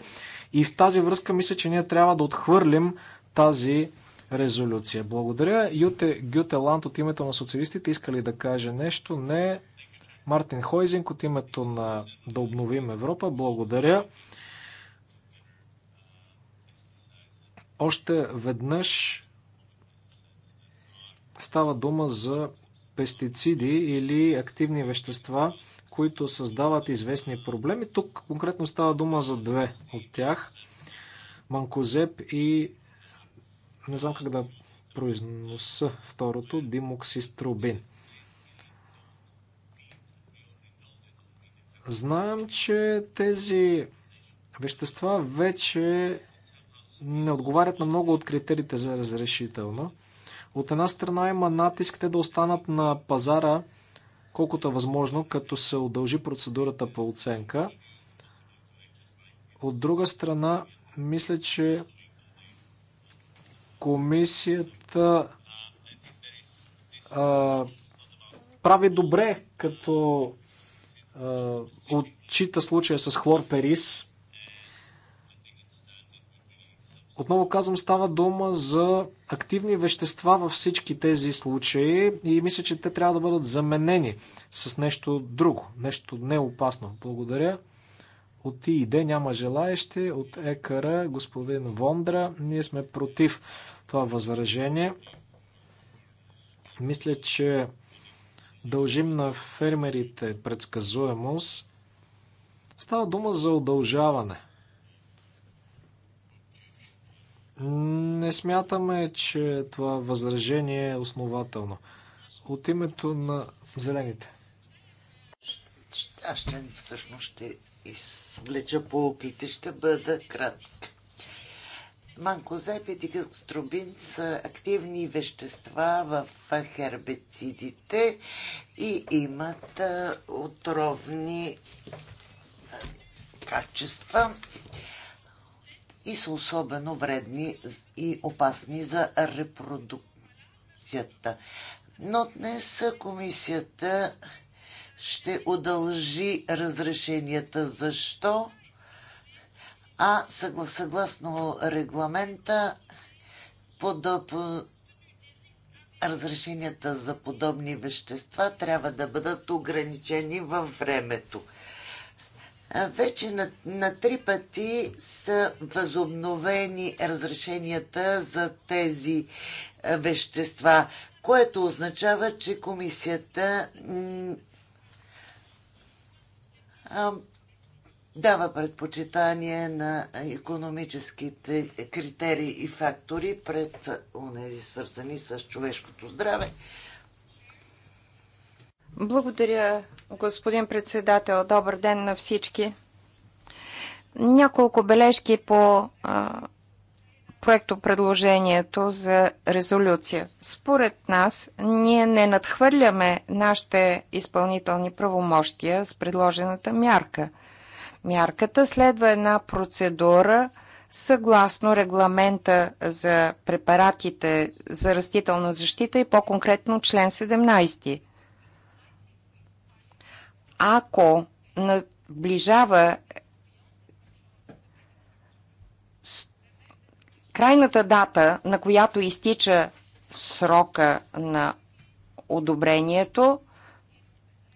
И в тази връзка мисля, че ние трябва да отхвърлим тази резолюция. Благодаря. Юте Гютеланд от името на социалистите искали да каже нещо? Не. Мартин Хойзинг от името на Да обновим Европа. Благодаря. Още веднъж става дума за пестициди или активни вещества, които създават известни проблеми. Тук конкретно става дума за две от тях – манкозеп и не знам как да произноса второто. Димоксистробин. Знаем, че тези вещества вече не отговарят на много от критериите за разрешително. От една страна има натиск те да останат на пазара колкото е възможно, като се удължи процедурата по оценка. От друга страна, мисля, че Комисията а, прави добре, като а, отчита случая с Хлор Перис. Отново казвам, става дума за активни вещества във всички тези случаи и мисля, че те трябва да бъдат заменени с нещо друго, нещо неопасно. Благодаря. От ИИД няма желаещи, от ЕКР господин Вондра. Ние сме против това възражение. Мисля, че дължим на фермерите предсказуемост. Става дума за удължаване. Не смятаме, че това възражение е основателно. От името на зелените. Аз ще, всъщност ще извлеча опите, Ще бъда кратък. Манкозепи и дигаструбин са активни вещества в хербицидите и имат отровни качества и са особено вредни и опасни за репродукцията. Но днес комисията ще удължи разрешенията. Защо? А съгласно регламента подоб... разрешенията за подобни вещества трябва да бъдат ограничени във времето. Вече на, на три пъти са възобновени разрешенията за тези вещества, което означава, че комисията дава предпочитание на економическите критерии и фактори пред онези, свързани с човешкото здраве. Благодаря, господин председател. Добър ден на всички. Няколко бележки по а, проектопредложението за резолюция. Според нас, ние не надхвърляме нашите изпълнителни правомощия с предложената мярка. Мярката следва една процедура съгласно регламента за препаратите за растителна защита и по-конкретно член 17. Ако наближава Крайната дата, на която изтича срока на одобрението,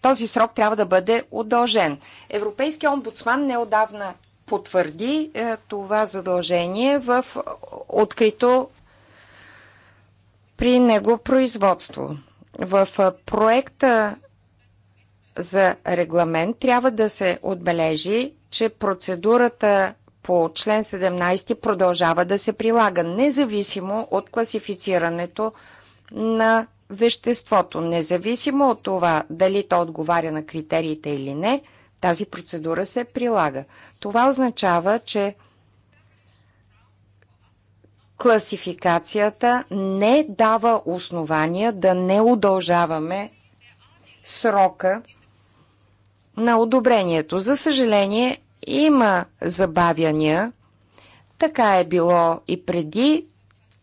този срок трябва да бъде удължен. Европейския омбудсман неодавна потвърди е, това задължение в открито при него производство. В е, проекта за регламент трябва да се отбележи, че процедурата по член 17 продължава да се прилага, независимо от класифицирането на веществото. Независимо от това дали то отговаря на критериите или не, тази процедура се прилага. Това означава, че класификацията не дава основания да не удължаваме срока на одобрението. За съжаление, има забавяния. Така е било и преди,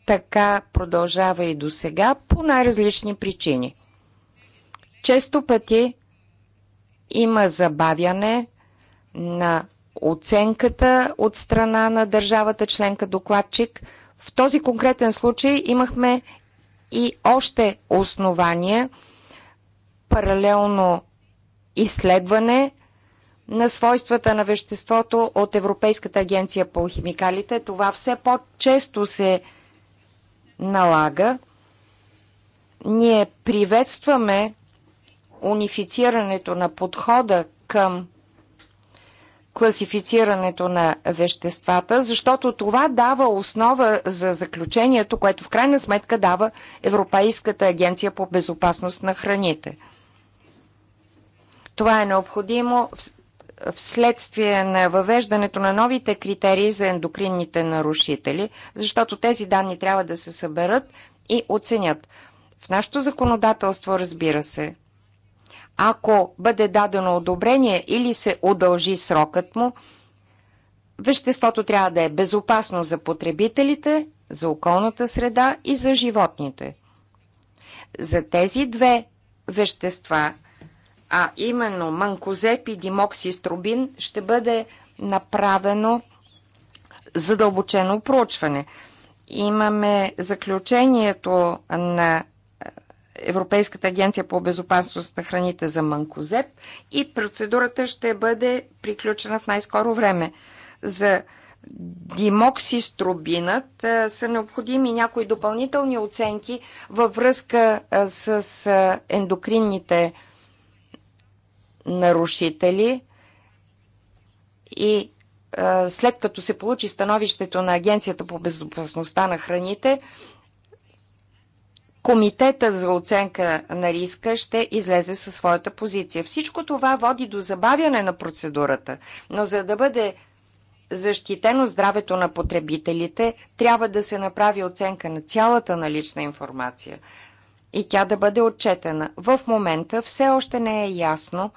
така продължава и до сега по най-различни причини. Често пъти има забавяне на оценката от страна на държавата членка докладчик. В този конкретен случай имахме и още основания паралелно изследване на свойствата на веществото от Европейската агенция по химикалите. Това все по-често се налага. Ние приветстваме унифицирането на подхода към класифицирането на веществата, защото това дава основа за заключението, което в крайна сметка дава Европейската агенция по безопасност на храните. Това е необходимо вследствие на въвеждането на новите критерии за ендокринните нарушители, защото тези данни трябва да се съберат и оценят. В нашето законодателство, разбира се, ако бъде дадено одобрение или се удължи срокът му, веществото трябва да е безопасно за потребителите, за околната среда и за животните. За тези две вещества – а именно манкозеп и димоксистробин, ще бъде направено задълбочено проучване. Имаме заключението на е, Европейската агенция по безопасност на храните за манкозеп и процедурата ще бъде приключена в най-скоро време. За димоксистробинът е, са необходими някои допълнителни оценки във връзка е, с ендокринните нарушители и след като се получи становището на Агенцията по безопасността на храните, Комитета за оценка на риска ще излезе със своята позиция. Всичко това води до забавяне на процедурата, но за да бъде защитено здравето на потребителите, трябва да се направи оценка на цялата налична информация и тя да бъде отчетена. В момента все още не е ясно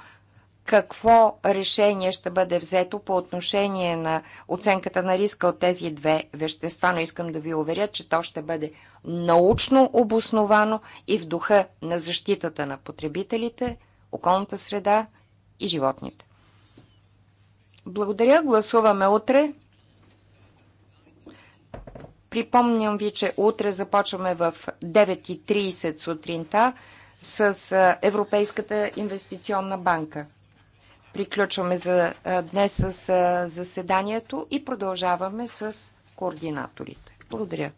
какво решение ще бъде взето по отношение на оценката на риска от тези две вещества, но искам да ви уверя, че то ще бъде научно обосновано и в духа на защитата на потребителите, околната среда и животните. Благодаря, гласуваме утре. Припомням ви, че утре започваме в 9.30 сутринта с Европейската инвестиционна банка. Приключваме за днес с заседанието и продължаваме с координаторите. Благодаря.